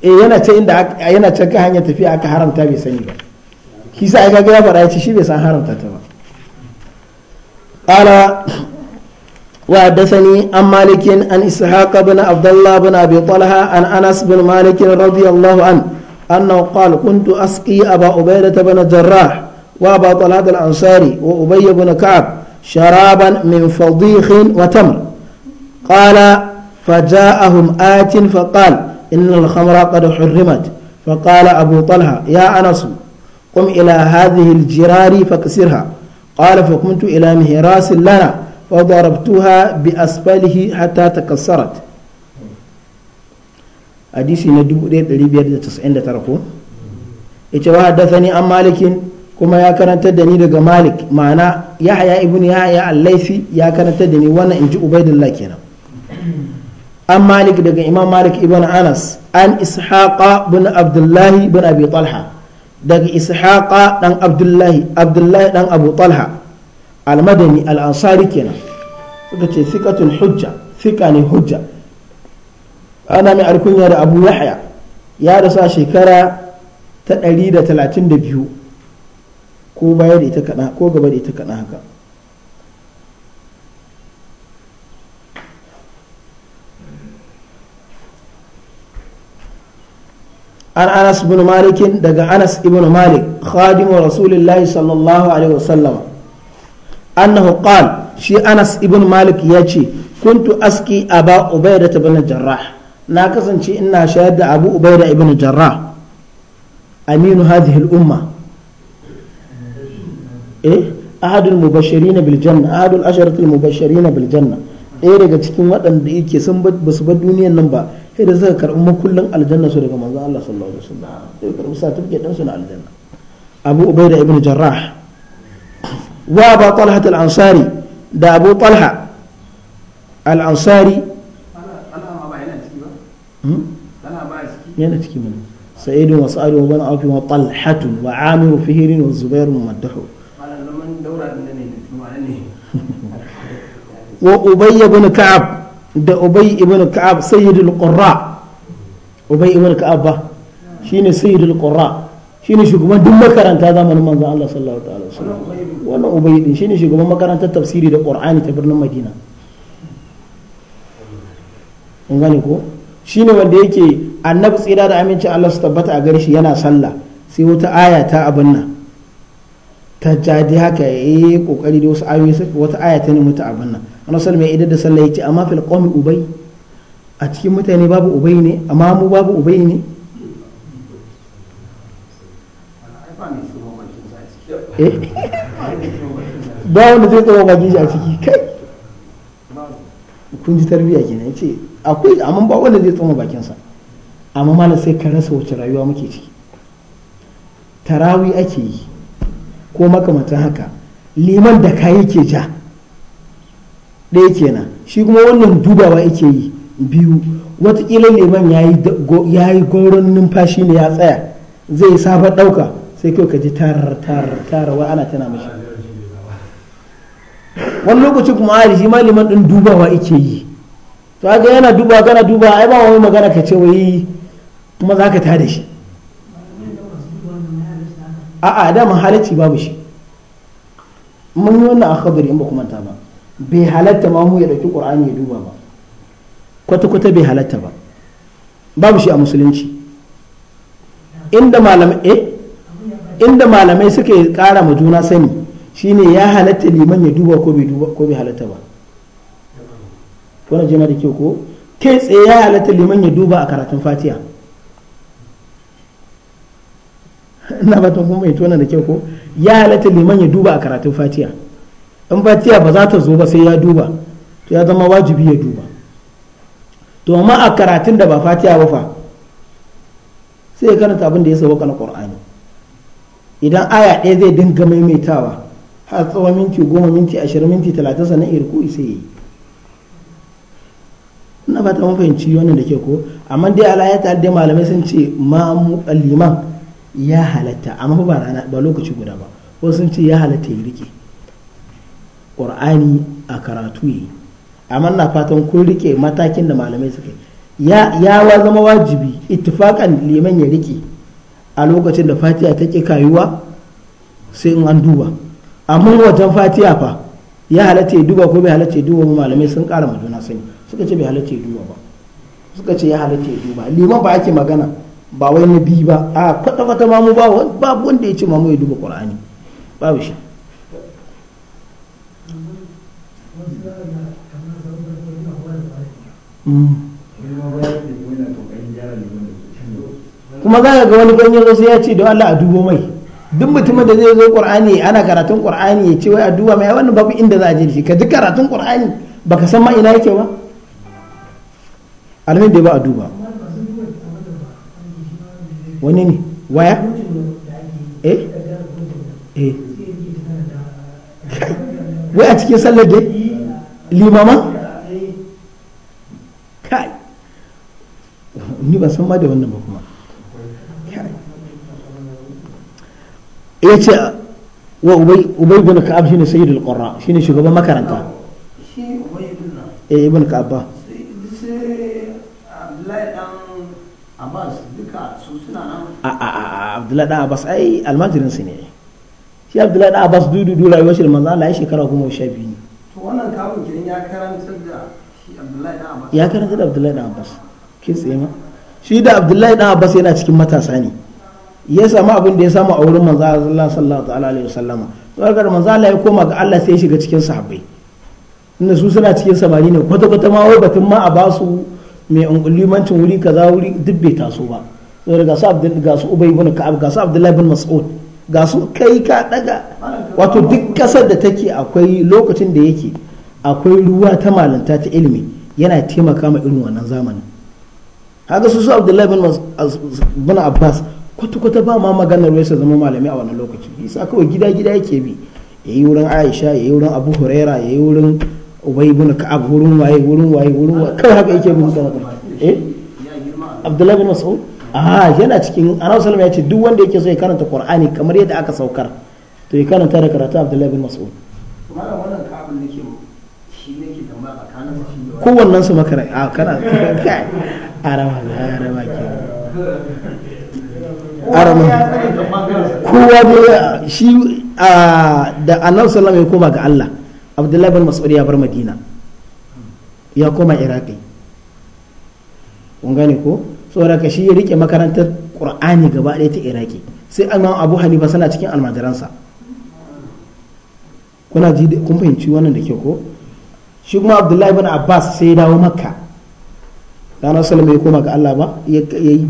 eh yana ce inda yana ce ka hanya tafiya aka haramta bai sani ba shi ai ya ga ya faɗa ya ce shi bai san haramta ta ba qala وحدثني عن مالك عن إسحاق بن عبد الله بن أبي طلحة عن أنس بن مالك رضي الله عنه أنه قال كنت أسقي أبا عبيدة بن الجراح وأبا طلحة الأنصاري وأبي بن كعب شرابا من فضيخ وتمر قال فجاءهم آت فقال إن الخمر قد حرمت فقال أبو طلحة يا أنس قم إلى هذه الجرار فكسرها قال فقمت إلى مهراس لنا فضربتها بأسفله حتى تكسرت حديث ندبو ديت ريبير تسعين لتركو تركو إتوا حدثني عن مالك كما يا كانت تدني دقى مالك معنى يحيى ابن يحيى الليثي يا كانت تدني وانا إن انجي عبيد الله كينا عن مالك دقى إمام مالك ابن أنس عن إسحاق بن عبد الله بن أبي طلحة دقى إسحاق بن عبد الله عبد الله بن أبو طلحة almadani al'ansari kenan suka ce sikatul hujja sika ne hujja ana mai alkunya da abu yahya ya rasa shekara ta 132 ko baya da ita kaɗa ko gaba da ita kaɗa haka an anas ibn malikin daga anas ibn malik khadimu rasulullahi sallallahu alaihi wasallama annahu qal shi Anas ibn Malik ya ce kuntu aski aba Ubaida ibn Jarrah na kasance ina shayar da Abu Ubaida ibn Jarrah aminu hadhihi al-umma eh ahadul mubashirin bil janna ahadul ɗaya daga cikin waɗanda yake sun bar duniyan nan ba sai da suka karɓi makullin aljanna su daga manzon Allah sallallahu alaihi wasallam sai karɓi na aljanna Abu ibn wa ba talha al-ansari da abu talha al-ansari yana ciki mana سعيد وسعد وبن عوف وطلحة وعامر فهير والزبير ممدح وأبي بن كعب ده أبي بن كعب سيد القراء أبي بن كعب شين سيد القراء shine shugaban duk makaranta zamanin manzon Allah sallallahu ta'ala wasallam wannan ubayi din shine shugaban makarantar tafsiri da qur'ani ta birnin madina in gane ko shine wanda yake annabi tsira da amincin Allah su tabbata a gare shi yana sallah sai wata aya ta abin nan ta jadi haka yayi eh, kokari da wasu ayoyi wata aya ta nemi ta abin nan annabi sallallahu alaihi wasallam da sallah yace amma fil qawmi ubay a cikin mutane babu ubay ne amma mu babu ubay ne Eh? ba wanda zai tsawon mage shi a ciki kai kun ji tarbiyya kenan ya ce akwai amma ba wanda zai tsoma bakinsa amma mana sai ka rasa wacce rayuwa muke ciki tarawi ake yi ko makamantan haka liman da ka ke ja ɗaya kenan shi kuma wannan dubawa yake yi biyu watakila liman ya yi gwaron numfashi ne ya tsaya zai sabar ɗauka sai kai ka ji tar tar tar wa ana tana mashi wani lokaci kuma a shi maliman din dubawa ike yi to haka yana duba kana duba ai ba wani magana ka ce wai kuma za ka tada shi a'a da halacci babu shi mun yi wannan akhabari in ba kuma ta ba bai halatta ma mu ya dauki qur'ani ya duba ba kwata kwata bai halatta ba babu shi a musulunci inda malam eh inda malamai suke kara ma juna sani shine ya halatta liman ya duba ko bai duba ko bai halatta ba wannan jina da ke ko kai tsaye ya halatta liman ya duba a karatun fatiha [laughs] ina batun kuma mai tona da kyau ko ya halatta liman ya duba a karatun fatiha in fatiha ba za ta zo ba sai ya duba to ya zama wajibi ya duba to amma a karatun da ba fatiha ba fa sai ya karanta abin da ya sauka na qur'ani idan aya ɗaya zai dinga maimaitawa har tsawon minti goma minti ashirin minti talatin sannan irku isa yi ina fata mun fahimci wannan da ke ko amma dai alayata dai malamai sun ce mamu liman ya halatta amma ba rana ba lokaci guda ba ko sun ce ya halatta ya rike ƙur'ani a karatu yi amma na fatan kun rike matakin da malamai suka ya ya zama wajibi ittifakan liman ya rike a lokacin da fatiha ta ƙi kayuwa sai in an duba amma wajen fatiha fa ya halatta ya duba ko bai halatta ya duba ba malamai sun ƙara majuna sani suka ce bai halatta ya duba ba suka ce ya halatta ya duba liman ba ake magana ba wai na biyu ba a kwata kwata ma mu ba wanda ya ce ma mu ya duba qur'ani babu shi Mm. kuma za ka ga wani ganyen zo sai ya ce da Allah a dubo mai duk mutumin da zai zo qur'ani ana karatun qur'ani ya ce wai a duba mai wannan babu inda za a je shi ka duk karatun qur'ani baka san ma ina yake ba alhamdu dai ba a duba wani ne waya eh eh wai a cikin sallar da limama kai ni ba san ma da wannan ba kuma ya ce wa ubai bin ka'ab shine sayyid al-qurra shine shugaban makaranta shi ubai bin eh ibn a ba abdullahi dan abbas ai almajirin su ne shi abdullahi dan abbas dudu du rayuwar shi da manzo Allah ya shekara kuma sha biyu to wannan kawun kin ya karantar da shi abdullahi dan abbas ya karantar da abdullahi dan abbas kin tsaye ma shi da abdullahi dan abbas yana cikin matasa ne ya samu abin da ya samu a wurin manzo Allah sallallahu ta'ala alaihi wasallama to daga manzo Allah ya koma ga Allah sai ya shiga cikin sahabbai inda su suna cikin samari ne kwata kwata ma wai batun ma a ba su mai ungulimancin wuri kaza wuri duk bai taso ba to daga su Abdul ga su Ubay ibn Ka'ab ga su abdullahi ibn Mas'ud ga su kai ka daga wato duk kasar da take akwai lokacin da yake akwai ruwa ta malanta ta ilimi yana taimaka ma irin wannan zamanin haka su su Abdullah ibn Abbas kwata-kwata ba ma maganar wesa zama malami a wani lokaci isa kawai gida-gida yake bi ya yi wurin aisha ya yi wurin abu huraira ya yi wurin ubai ibn ka'ab wurin waye wurin waye wurin waye kawai haka yake bin sana eh abdullahi bin mas'ud a ah, yana cikin annabi sallallahu ya ce duk wanda yake so ya karanta qur'ani kamar yadda aka saukar to ya karanta da karatu abdullahi bin mas'ud malam wannan ka'ab nake shi ke tambaya tsakanin shi kowannen su makara a kana [laughs] kai arama arama ke aramin kowa da shi da annabi sallallahu ya koma ga Allah abdullahi bin mas'ud ya bar madina ya koma iraki kun gane ko saboda ka shi ya rike makarantar qur'ani gaba ɗaya ta iraki sai imam abu hanifa suna cikin almajiransa kuna ji kun fahimci wannan da ke ko shi kuma abdullahi bin abbas sai ya dawo makka ranar salama ya koma ga allah ba ya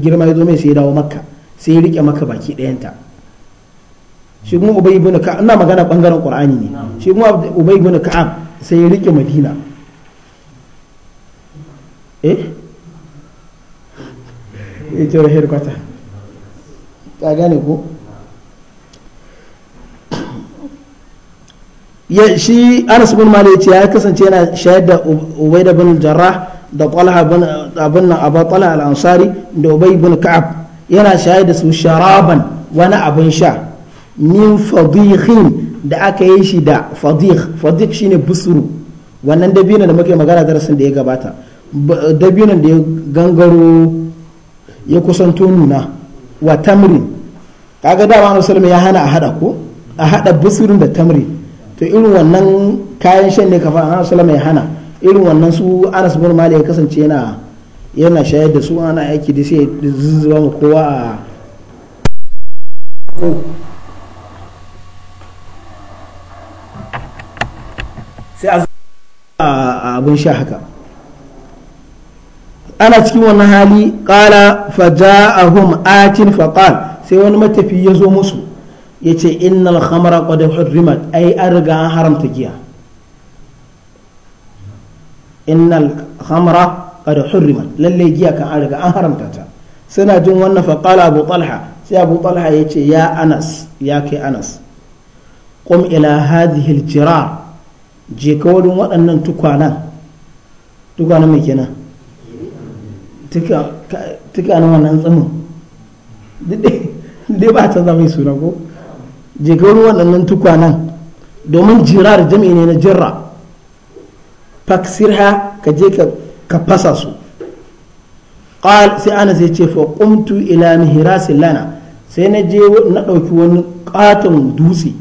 girma ya zo mai sai ya dawo makka sai ya rike maka baki ɗayanta shi kuma ubay ibn ka'ab ina magana bangaren qur'ani ne shi kuma ubay ibn ka'ab sai ya rike madina eh ita wahir kwata ka gane ko ya shi Anas bin Malik ya kasance yana shayar da Ubayd bin Jarrah da Talha bin abin nan Abu Talha al-Ansari da Ubay bin Ka'ab yana shaye da su sharaban wani abin sha min fadihin da aka yi shi da fadih fadih shine busuru wannan dabino da muke magana darasin da ya gabata dabinon da ya gangaro ya kusanto nuna wa tamrin kaga dama musulmi ya hana a hada ko a hada busurin da tamri to irin wannan kayan shan ne kafa annabi musulmi ya hana irin wannan su Anas bin Malik ya kasance yana yana shayar da su ana aiki da sai zuzuwa ma kowa a sai a abin sha haka ana cikin wani hali ƙala a atin faqal sai wani matafi ya zo musu ya ce innal alhamara kwada hurrimat ai an riga an haramta giya innal alhamara qad hurrima lalle giya kan an riga an haramta ta suna jin wannan fa qala abu talha sai abu talha yace ya anas ya kai anas qum ila hadhihi aljirar je ka wurin waɗannan tukwanan tukwanan mai kenan tukanan wannan tsamin dai ba ta zama suna ko je ka wurin waɗannan tukwanan domin jirar jami'i ne na jirra faksirha ka je ka ka fasa su qal sai ana sai ce fa qumtu ila mihrasin lana sai na je na ɗauki wani katon dutse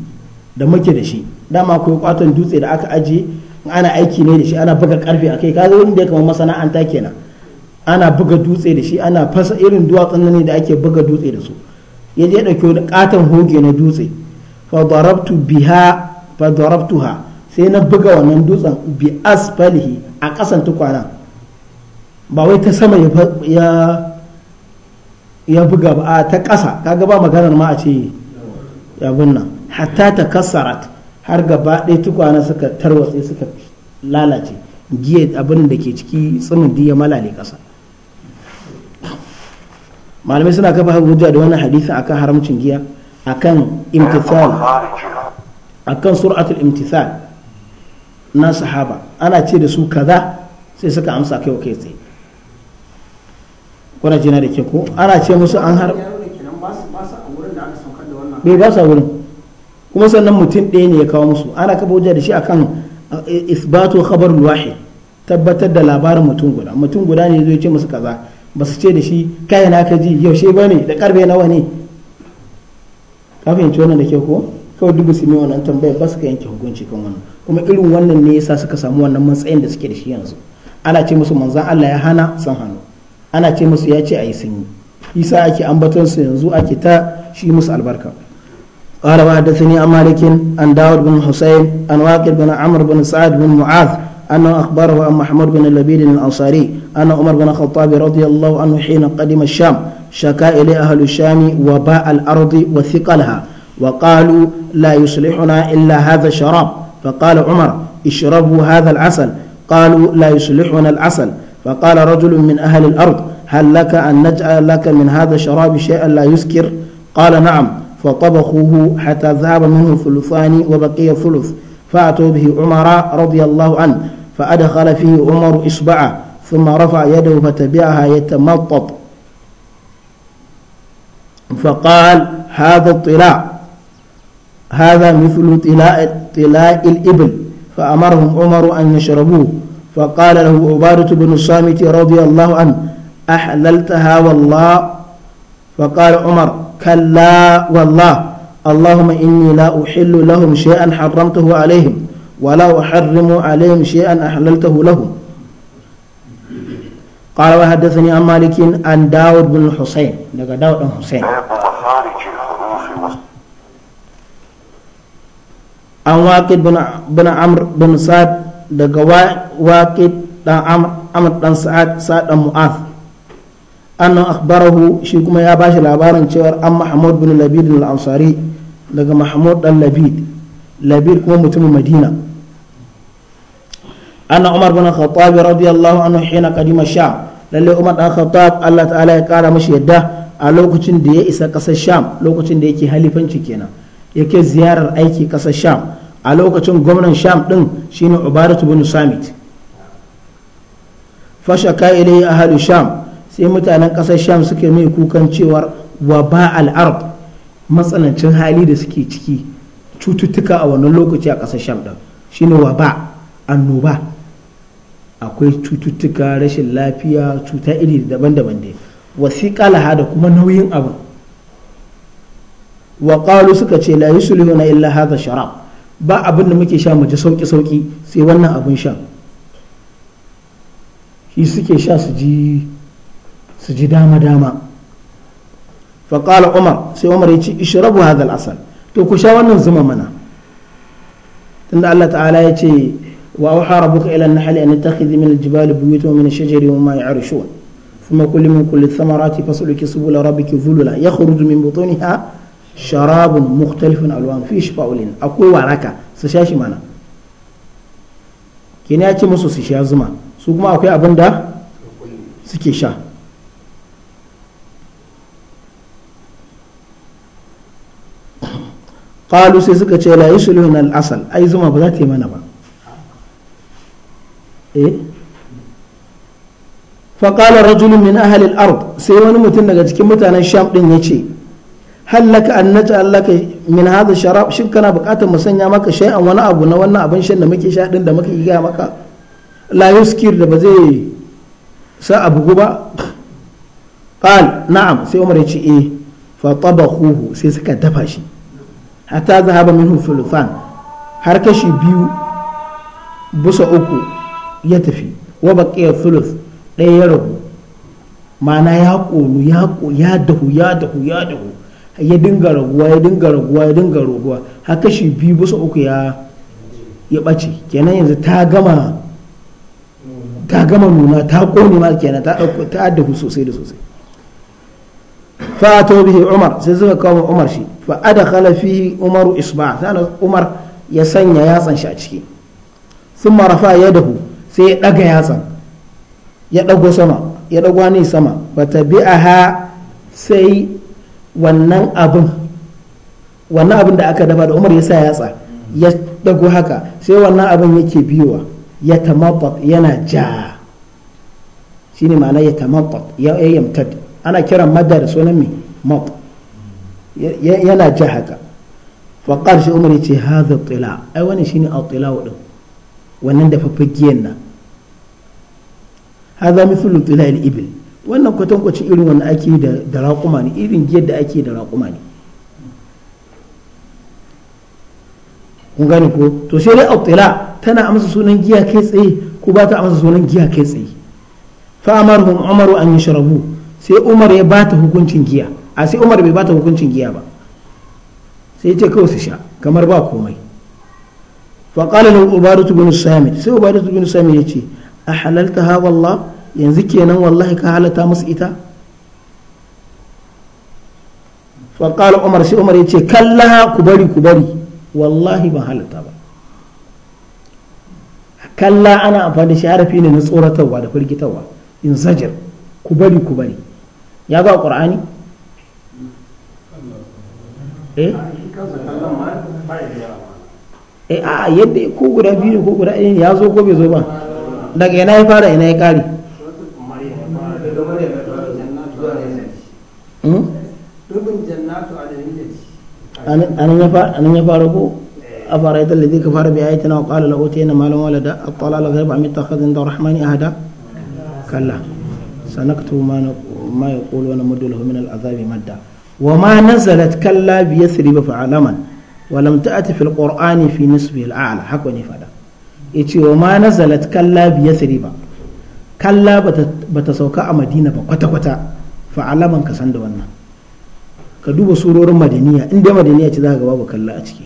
da muke da shi dama akwai katon dutse da aka ajiye ana aiki ne da shi ana buga karfe akai kaga inda kamar masana'anta kenan ana buga dutse da shi ana fasa irin duwatsun ne da ake buga dutse da su ya je ɗauki wani katon hoge na dutse fa darabtu biha fa darabtuha sai na buga wannan dutsen bi asfalihi a ƙasan tukwanan ba wai ta sama ya buga ba a ta ƙasa kaga ba maganar ma a ce ya binna hatta ta kasarat har gaba ɗaya tukwana suka tarwatse suka lalace giya abin da ke ciki tsinin ya malale kasa malamai suna kafa hujja da wannan hadisi akan haramcin giya akan imtithal akan sur'atul imtithal na sahaba ana ce da su kaza sai suka amsa kai wa kai tsaye kuna jina da ke ko ana ce musu an har bai ba sa wurin kuma sannan mutum ɗaya ne ya kawo musu ana kaba wajen da shi akan eh, isbato khabar luwahi tabbatar da labarin mutum guda mutum guda ne zai ce musu kaza ba su ce da shi kai na ka ji yaushe ba ne da karbe nawa ne kafin fahimci da ke ko kawai dubu su ne wannan tambayar ba su ka yanke hukunci kan wannan kuma irin wannan ne yasa suka samu wannan matsayin da suke da shi yanzu ana ce musu manzan Allah ya hana san hannu ana ce musu ya ce a yi sun yi isa ake ambaton su yanzu ake ta shi musu albarka قال وحدثني عن مالك عن داود بن حسين عن واقد بن عمرو بن سعد بن معاذ أنه أخبره عن محمود بن لبيد الأنصاري أن عمر بن الخطاب رضي الله عنه حين قدم الشام شكا إلى أهل الشام وباء الأرض وثقلها وقالوا لا يصلحنا إلا هذا الشراب فقال عمر اشربوا هذا العسل قالوا لا يصلحنا العسل فقال رجل من أهل الأرض هل لك أن نجعل لك من هذا الشراب شيئا لا يسكر قال نعم فطبخوه حتى ذهب منه ثلثان وبقي ثلث فأتوا به عمر رضي الله عنه فأدخل فيه عمر إصبعه ثم رفع يده فتبعها يتمطط فقال هذا الطلاء هذا مثل طلاء, طلاء الإبل فأمرهم عمر أن يشربوه فقال له عبادة بن الصامت رضي الله عنه أحللتها والله فقال عمر كلا والله اللهم إني لا أحل لهم شيئا حرمته عليهم ولا أحرم عليهم شيئا أحللته لهم قال وحدثني عن مالك عن داود بن الحسين لقى داود بن حسين عن واقد بن بن عمرو بن سعد daga waƙid ɗan amur dan sa'ad mu'af mu'az annan shi kuma ya bashi labarin cewar an mahmud bin labid al'ansari daga mahmud dan labid labid kuma mutumin madina anna umar bin khattab radiyallahu anhu hina qadima sham lalle umar dan khattab Allah ta'ala ya kara mashi yadda a lokacin da ya isa kasar sham lokacin da yake halifanci kenan yake ziyarar aiki kasar sham a lokacin gwamnan sham din shine ubaratu bin samit fashaka ilai ahalu sham sai mutanen kasar sham suke mai kukan cewar wa ba al'arab matsanancin hali da suke ciki cututtuka a wannan lokaci a kasar sham din shine wa ba annoba akwai cututtuka rashin lafiya cuta iri daban-daban dai wasiƙa laha da kuma nauyin abu wa suka ce la yusuluna illa illahaza sharab ba abin da muke sha mu ji sauki sauki sai wannan abin sha shi suke sha su ji dama dama faƙala umar sai umar ya ce ishrabu hadha asal to ku sha wannan zuma mana tunda Allah ta'ala ya ce wa auha rabbuka ila an-nahli an tattakhidhi min al-jibali min ash-shajari wa ma ya'rishun ثم كل من كل الثمرات فاسلك سبل ربك ذللا يخرج من بطونها sharabun mukhtalifin alwan fi shifa'ulin akwai waraka su sha shi mana kina ya ce musu su sha zuma su kuma akwai abin da suke sha qalu sai suka ce la yusluhun al-asal ai zuma ba za ta yi mana ba eh fa qala rajulun min ahli al-ard sai wani mutum daga cikin mutanen sham din yace hallaka an naja allaka min hadha sharab shin kana bukatar mu sanya maka shay'an wani abu na wannan abin shan da muke sha din da muke gaya maka la yuskir da ba zai sa abu guba qal na'am sai umar ya ce eh fa tabahuhu sai suka dafa shi hatta zahaba minhu sulfan har kashi biyu busa uku ya tafi wa baqiya thuluth ɗaya ya ragu ma'ana ya ƙonu ya dahu ya dahu ya dahu ya dinga raguwa ya dinga raguwa ya dinga raguwa har kashi biyu bisa uku ya ya ɓace kenan yanzu ta gama ta gama nuna ta kone ma kenan ta ɗauko ta sosai da sosai fa to bihi umar sai suka kawo umar shi fa adkhala fihi umar isba sana umar ya sanya yatsan shi a ciki sun marafa ya dahu sai ya daga yatsan ya dago sama ya dago ne sama fa tabi'aha sai wannan abin wannan abin da aka dafa da umar ya sa yatsa ya dago haka sai wannan abin yake biyowa ya tamattat yana ja shine ma'ana ya tamattat ya yamtad ana kiran madda da sunan mai mat yana ja haka faƙar shi umar ya ce haza tila ai wani shine a tila din wannan da fafagiyan nan haza mithlu tila al ibil wannan kwatankwacin irin wanda ake da raƙuma ne irin giyar da ake da raƙuma ne kun gane ko to sai dai abtila tana amsa sunan giya kai tsaye ko ba ta amsa sunan giya kai tsaye fa amaruhum umaru an yashrabu sai umar ya bata hukuncin giya a sai umar bai bata hukuncin giya ba sai ce kawai su sha kamar ba komai fa qala lahu ubadatu bin samit sai ubadatu bin samit yace ahalalta ha yanzu kenan wallahi ka halata musu ita faƙala umar shi umar ya ce kallaha ku bari ku bari wallahi ban halata ba kalla ana amfani da shi ne na tsoratarwa da firgitarwa in zajar ku bari ku bari ya ga ƙur'ani eh, eh a yadda ko guda biyu ko guda ɗaya ya zo ko bai zo ba daga yana ya fara yana ya ƙare Hmm? rubin jannatu anan ya fara ko eh. a fara ita ladi ka fara biya ita na kwallo lahoti yana malam walada a kwallo la gaiba mita kazin da rahmani a hada kalla sanaktu ma ya kulu wani mudu lahu min al'azabi madda wa ma nazalat kalla bi yasri ba fa'alaman wa lam ta'ati fil qur'ani fi nisbi ala haka ne fada yace wa ma nazalat kalla bi yasri ba kalla bata sauka a madina ba kwata kwata fa'alaman ka san da wannan ka duba surorin madaniya in dai madaniya ce za ka babu kalla a ciki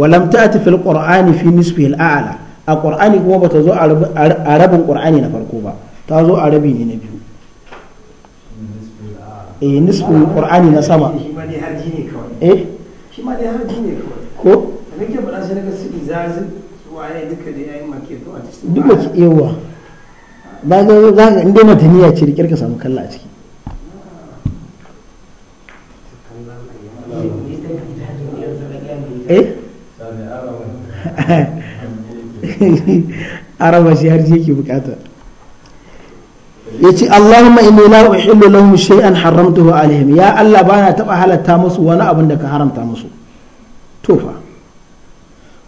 walam ta'ati fil qur'ani fi nisfi al a'la a qur'ani kuma bata zo a rabin qur'ani na farko ba ta zo a rabi ne na biyu eh nisfin qur'ani na sama shi ma dai harji ne kawai eh shi ma dai harji ne kawai ko nake faɗa sai na ga su izazi waye duka da yayin maketo a cikin duk makewa ba za ka inda madaniya ce ka samu kalla a ciki eh? [laughs] araba shi har yake bukata ya ce allahumma inni la uhillu lahum shay'an haramtahu alaihim ya allah ba na taba halatta musu wani abin da ka haramta musu tofa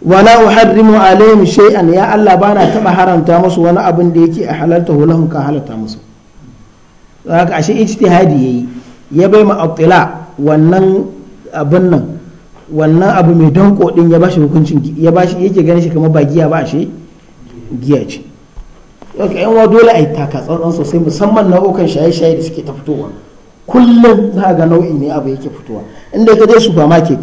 wala uharrimu alaihim shay'an ya Allah bana taba haramta musu wani abin da yake a halalta lahum ka halalta musu haka ashe ijtihadi yayi ya bai ma abtila wannan abin nan wannan abu mai danko din ya bashi hukuncin ya bashi yake ganin shi kamar ba giya ba ashe giya ce yauka yan wa dole a yi takatsantsan sosai musamman nau'ukan shaye-shaye da suke ta fitowa kullum za ga nau'i ne abu yake fitowa inda ka je supermarket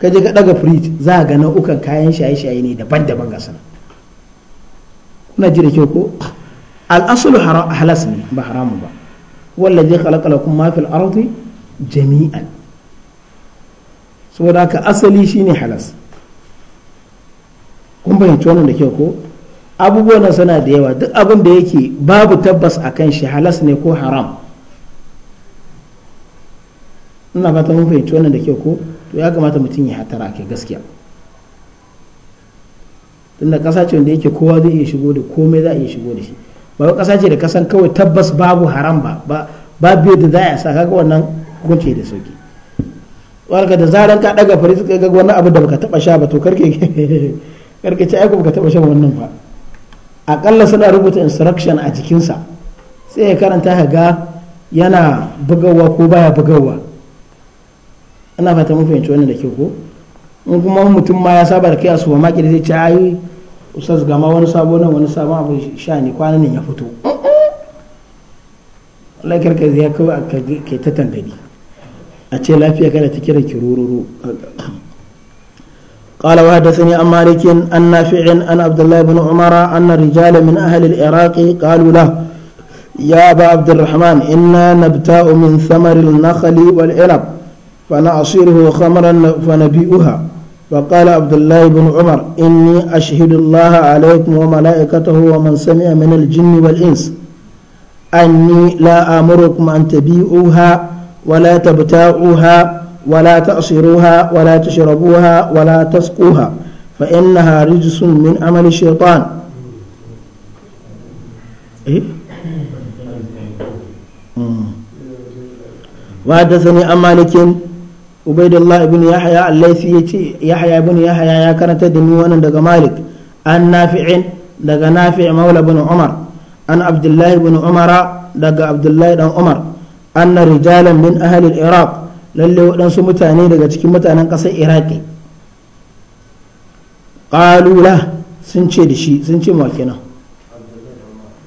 ka je ka daga firij za ga nau'ukan kayan shaye-shaye ne daban-daban ga sana kuna ji da kyau ko al'asulu halas ne ba haramu ba wallazi khalaqa lakum ma mafi ardi jami'an saboda haka asali shi ne halas kun fahimci wannan da kyau ko abubuwan suna da yawa duk abin da yake babu tabbas akan shi halas ne ko haram ina fata mun fahimci wannan da kyau ko to ya kamata mutum ya hatara ke gaskiya tunda kasa ce wanda yake kowa zai iya shigo da komai za a iya shigo da shi ba wai kasa ce da kasan kawai tabbas babu haram ba ba biyu da za a sa kaga wannan hukunci da sauki warka da zaran ka daga fari suka ga wani abu da baka taba sha ba to karke [laughs] karke ci aiko baka taba sha wannan ba akalla suna rubuta instruction a jikinsa sai ya karanta ga yana bugawa ko baya bugawa ana fata mun fahimci wannan da ke ko in kuma mutum ma ya saba da kai a suwa maki zai ce ayi ustaz gama wani sabo nan wani sabon abu sha ne kwanan ya fito Allah karka zai kawai ke ta tangani a ce lafiya kada ta kira kirururu قال وحدثني عن مالك عن نافع عن عبد الله بن عمر أن رجال من أهل العراق قالوا له يا أبا عبد الرحمن إنا نبتاء من ثمر النخل والعنب فنعصره خمرا فنبيئها وقال عبد الله بن عمر إني أشهد الله عليكم وملائكته ومن سمع من الجن والإنس أني لا آمركم أن تبيئوها ولا تبتاعوها ولا تأصروها ولا تشربوها ولا تسقوها فإنها رجس من عمل الشيطان إيه؟ وحدثني عن مالك ubaidullah ibn yahya allaisi ya ce yahya ibn yahya ya karanta da ni wannan daga malik an nafi'in daga nafi' maula ibn umar an abdullahi ibn umara daga abdullahi dan umar anna rijalan min ahli iraq lalle waɗansu mutane daga cikin mutanen ƙasar iraki ƙalula sun ce da shi sun ce makina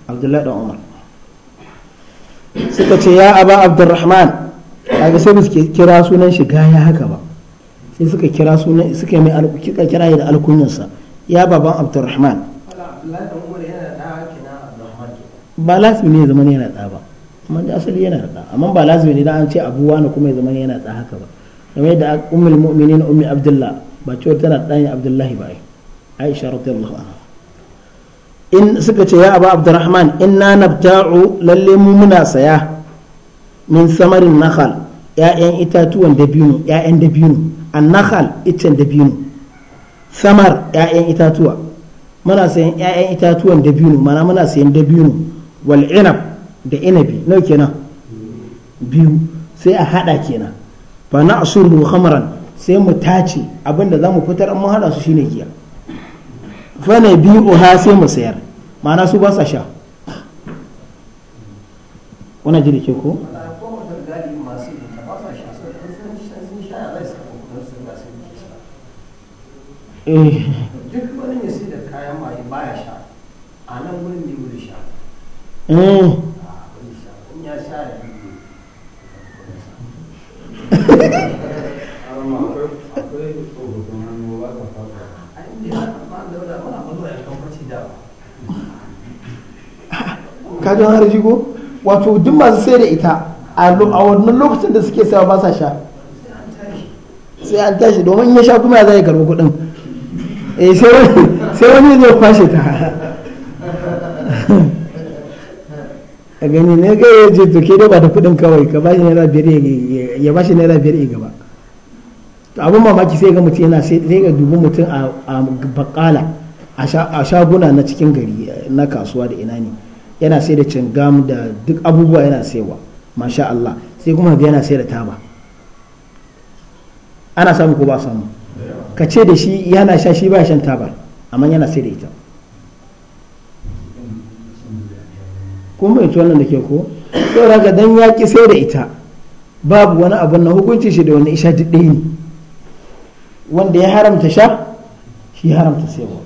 abdullahi dan umar suka ce ya aba abdurrahman kaga sai suke kira sunan shi gaya haka ba sai suka kira sunan suka mai alkuka kira da alkunyarsa ya baban abdurrahman ba lazimi ne zaman yana da ba amma da asali yana da amma ba lazimi ne da an ce abuwa na kuma zaman yana da haka ba kamar yadda ummul mu'minin ummi abdullah ba cewar tana da dan Abdullah ba ai aisha radiyallahu anha in suka ce ya abu abdurrahman inna nabta'u lalle mu muna saya min samarin nakhal ‘ya'yan itatuwan dabino ‘ya'yan dabino annahal da dabino samar ‘ya'yan itatuwa muna sayan ‘ya'yan itatuwan dabino mana muna sayan dabino wal inab da inabi nau kenan biyu sai a hada kenan fa na asuru khamran sai mu tace abinda za mu fitar an mun hada su shine giya fa na biyu ha sai mu sayar ma'ana su ba sa sha wannan ji ko Eh. duk wani ya sai da kayan maye baya sha a nan wurin ne wuri sha eh. ya sha ya ka ji wani ko wato duk masu sai da ita a wannan lokacin da suke sawa ba sa sha sai an tashi domin ya sha kuma ya zai karbi kuɗin eh sai wani zai kwashe ta a gani ne ga ya je duke da ba da kudin kawai ka bashi naira biyar ya bashi naira biyar ya gaba to abin mamaki sai ga mutum yana sai ga dubu mutum a bakala a shaguna na cikin gari na kasuwa da ina ne yana sai da cingam da duk abubuwa yana saiwa masha Allah sai kuma yana sai da taba ana samu ko ba samu ka ce da shi yana sha shi ba shan taba amma yana sai da ita kuma ita wannan da ke ko yau ga dan ya ki sai da ita babu wani abin na hukunci shi da wani isha duk ɗaya ne wanda ya haramta sha shi haramta sayarwa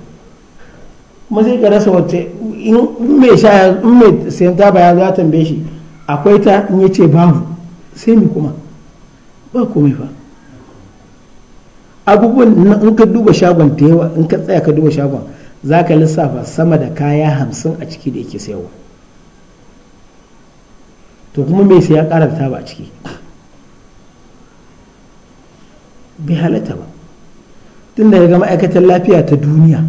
kuma sai ka rasa wata in mai sha in mai sayan taba ya zata tambaye shi akwai ta in ya ce babu sai mi kuma ba komai ba abubuwan na in ka duba shagon ta yawa in ka tsaya ka duba shagon za ka lissafa sama da kaya hamsin a ciki da yake sayarwa to kuma mai sai ya kara ta ba a ciki bai halatta ba tun da ga ma'aikatar lafiya ta duniya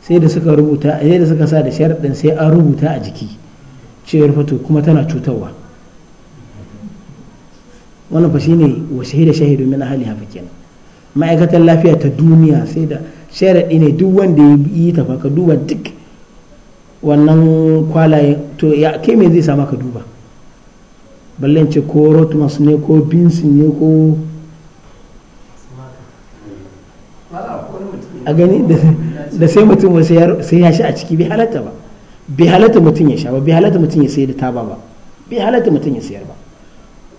sai da suka rubuta sai da suka sa da sharaɗin sai an rubuta a jiki cewar fato kuma tana cutarwa wannan fa ne wa shahida shahidu min ahli hafa kenan ma'aikatar lafiya ta duniya sai da sharaɗi ne duk wanda ya yi ta ka duba duk wannan kwalaye to ya ke me zai sama ka duba ballen ce ko rotmas ne ko binsin ne ko a gani da sai mutum sai ya sha a ciki bai halatta ba bai halatta mutum ya sha ba bai halatta mutum ya sayar da taba ba bai halatta mutum ya sayar ba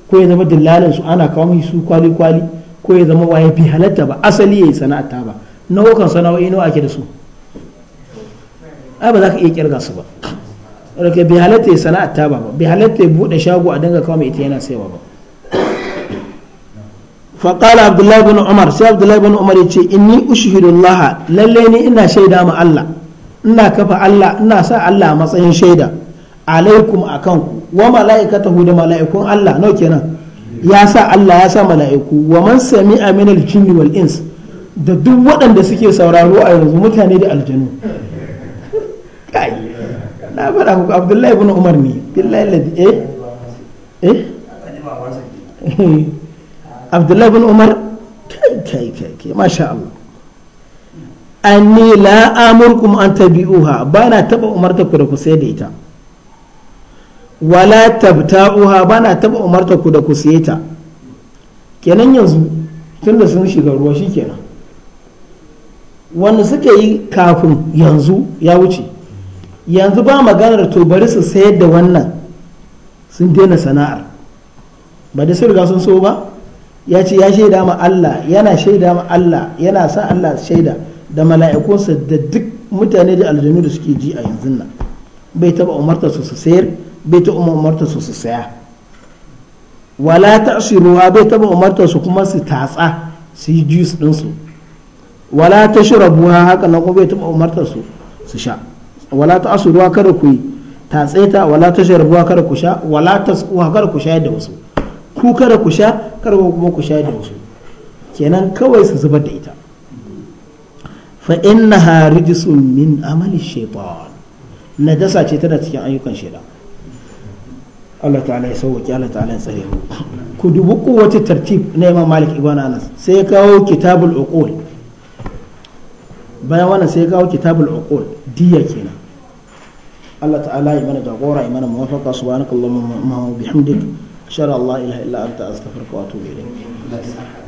ko ya zama dillalin su ana kawo su kwali-kwali ko ya zama waye fi halatta ba asali ya yi sana'ar taba nau'ukan sana'o'i nawa ake da su ai ba za ka iya kirga su ba rake bi halatta ya sana'ar taba ba bi halatta ya buɗe shago a dinga kawo mai ita yana saiwa ba فقال عبد bin umar sai سي bin umar ya ce inni اني اشهد الله ni ina shaida ma Allah ina kafa Allah ina sa Allah a matsayin shaida alaikum akan ku wa malaikatahu da malaikun Allah nau kenan ya sa Allah ya sa mala'iku wa man sami aminal jinni wal ins da duk waɗanda suke sauraro a yanzu mutane da aljanu kai na faɗa ku abdullahi ibn umar ne billahi ladi eh eh [laughs] abdullahi ibn umar kai kai kai kai masha Allah anni la amurkum an tabi'uha bana taba umarta ku da ku sai da ita wala tabta'uha bana taba umarta ku da ku siye ta kenan yanzu tunda sun shiga ruwa shi kenan wanda suka yi kafin yanzu ya wuce yanzu ba maganar to bari su sayar da wannan sun daina sana'ar ba da sun riga sun so ba ya ce ya shaida ma Allah yana shaida ma Allah yana sa Allah shaida da mala'ikunsa da duk mutane da aljanu da suke ji a yanzu nan bai taba umarta su su sayar bai ta umarta su su saya wala ta shiruwa bai taba umarta su kuma su tatsa su yi juice ɗinsu wala ta shirabuwa haka nan kuma bai taba umarta su su sha wala ta shiruwa kada ku yi tatse ta wala ta shirabuwa kada ku sha wala ta suwa kada ku sha da wasu ku kada ku sha kada ku kuma ku sha da wasu kenan kawai su zubar da ita fa innaha rijsun min amali shaytan najasa ce tana cikin ayyukan shaytan Allah ta'ala ya sauwaki Allah ta'ala ya tsare mu ku dubi kowace tartib na Imam Malik ibn Anas sai ya kawo kitabul uqul bayan wannan sai ya kawo kitabul uqul diya kenan Allah ta'ala ya mana jagora ya mana muwafaqa subhanakallahumma wa bihamdik ashhadu an la ilaha illa anta astaghfiruka wa atubu ilayk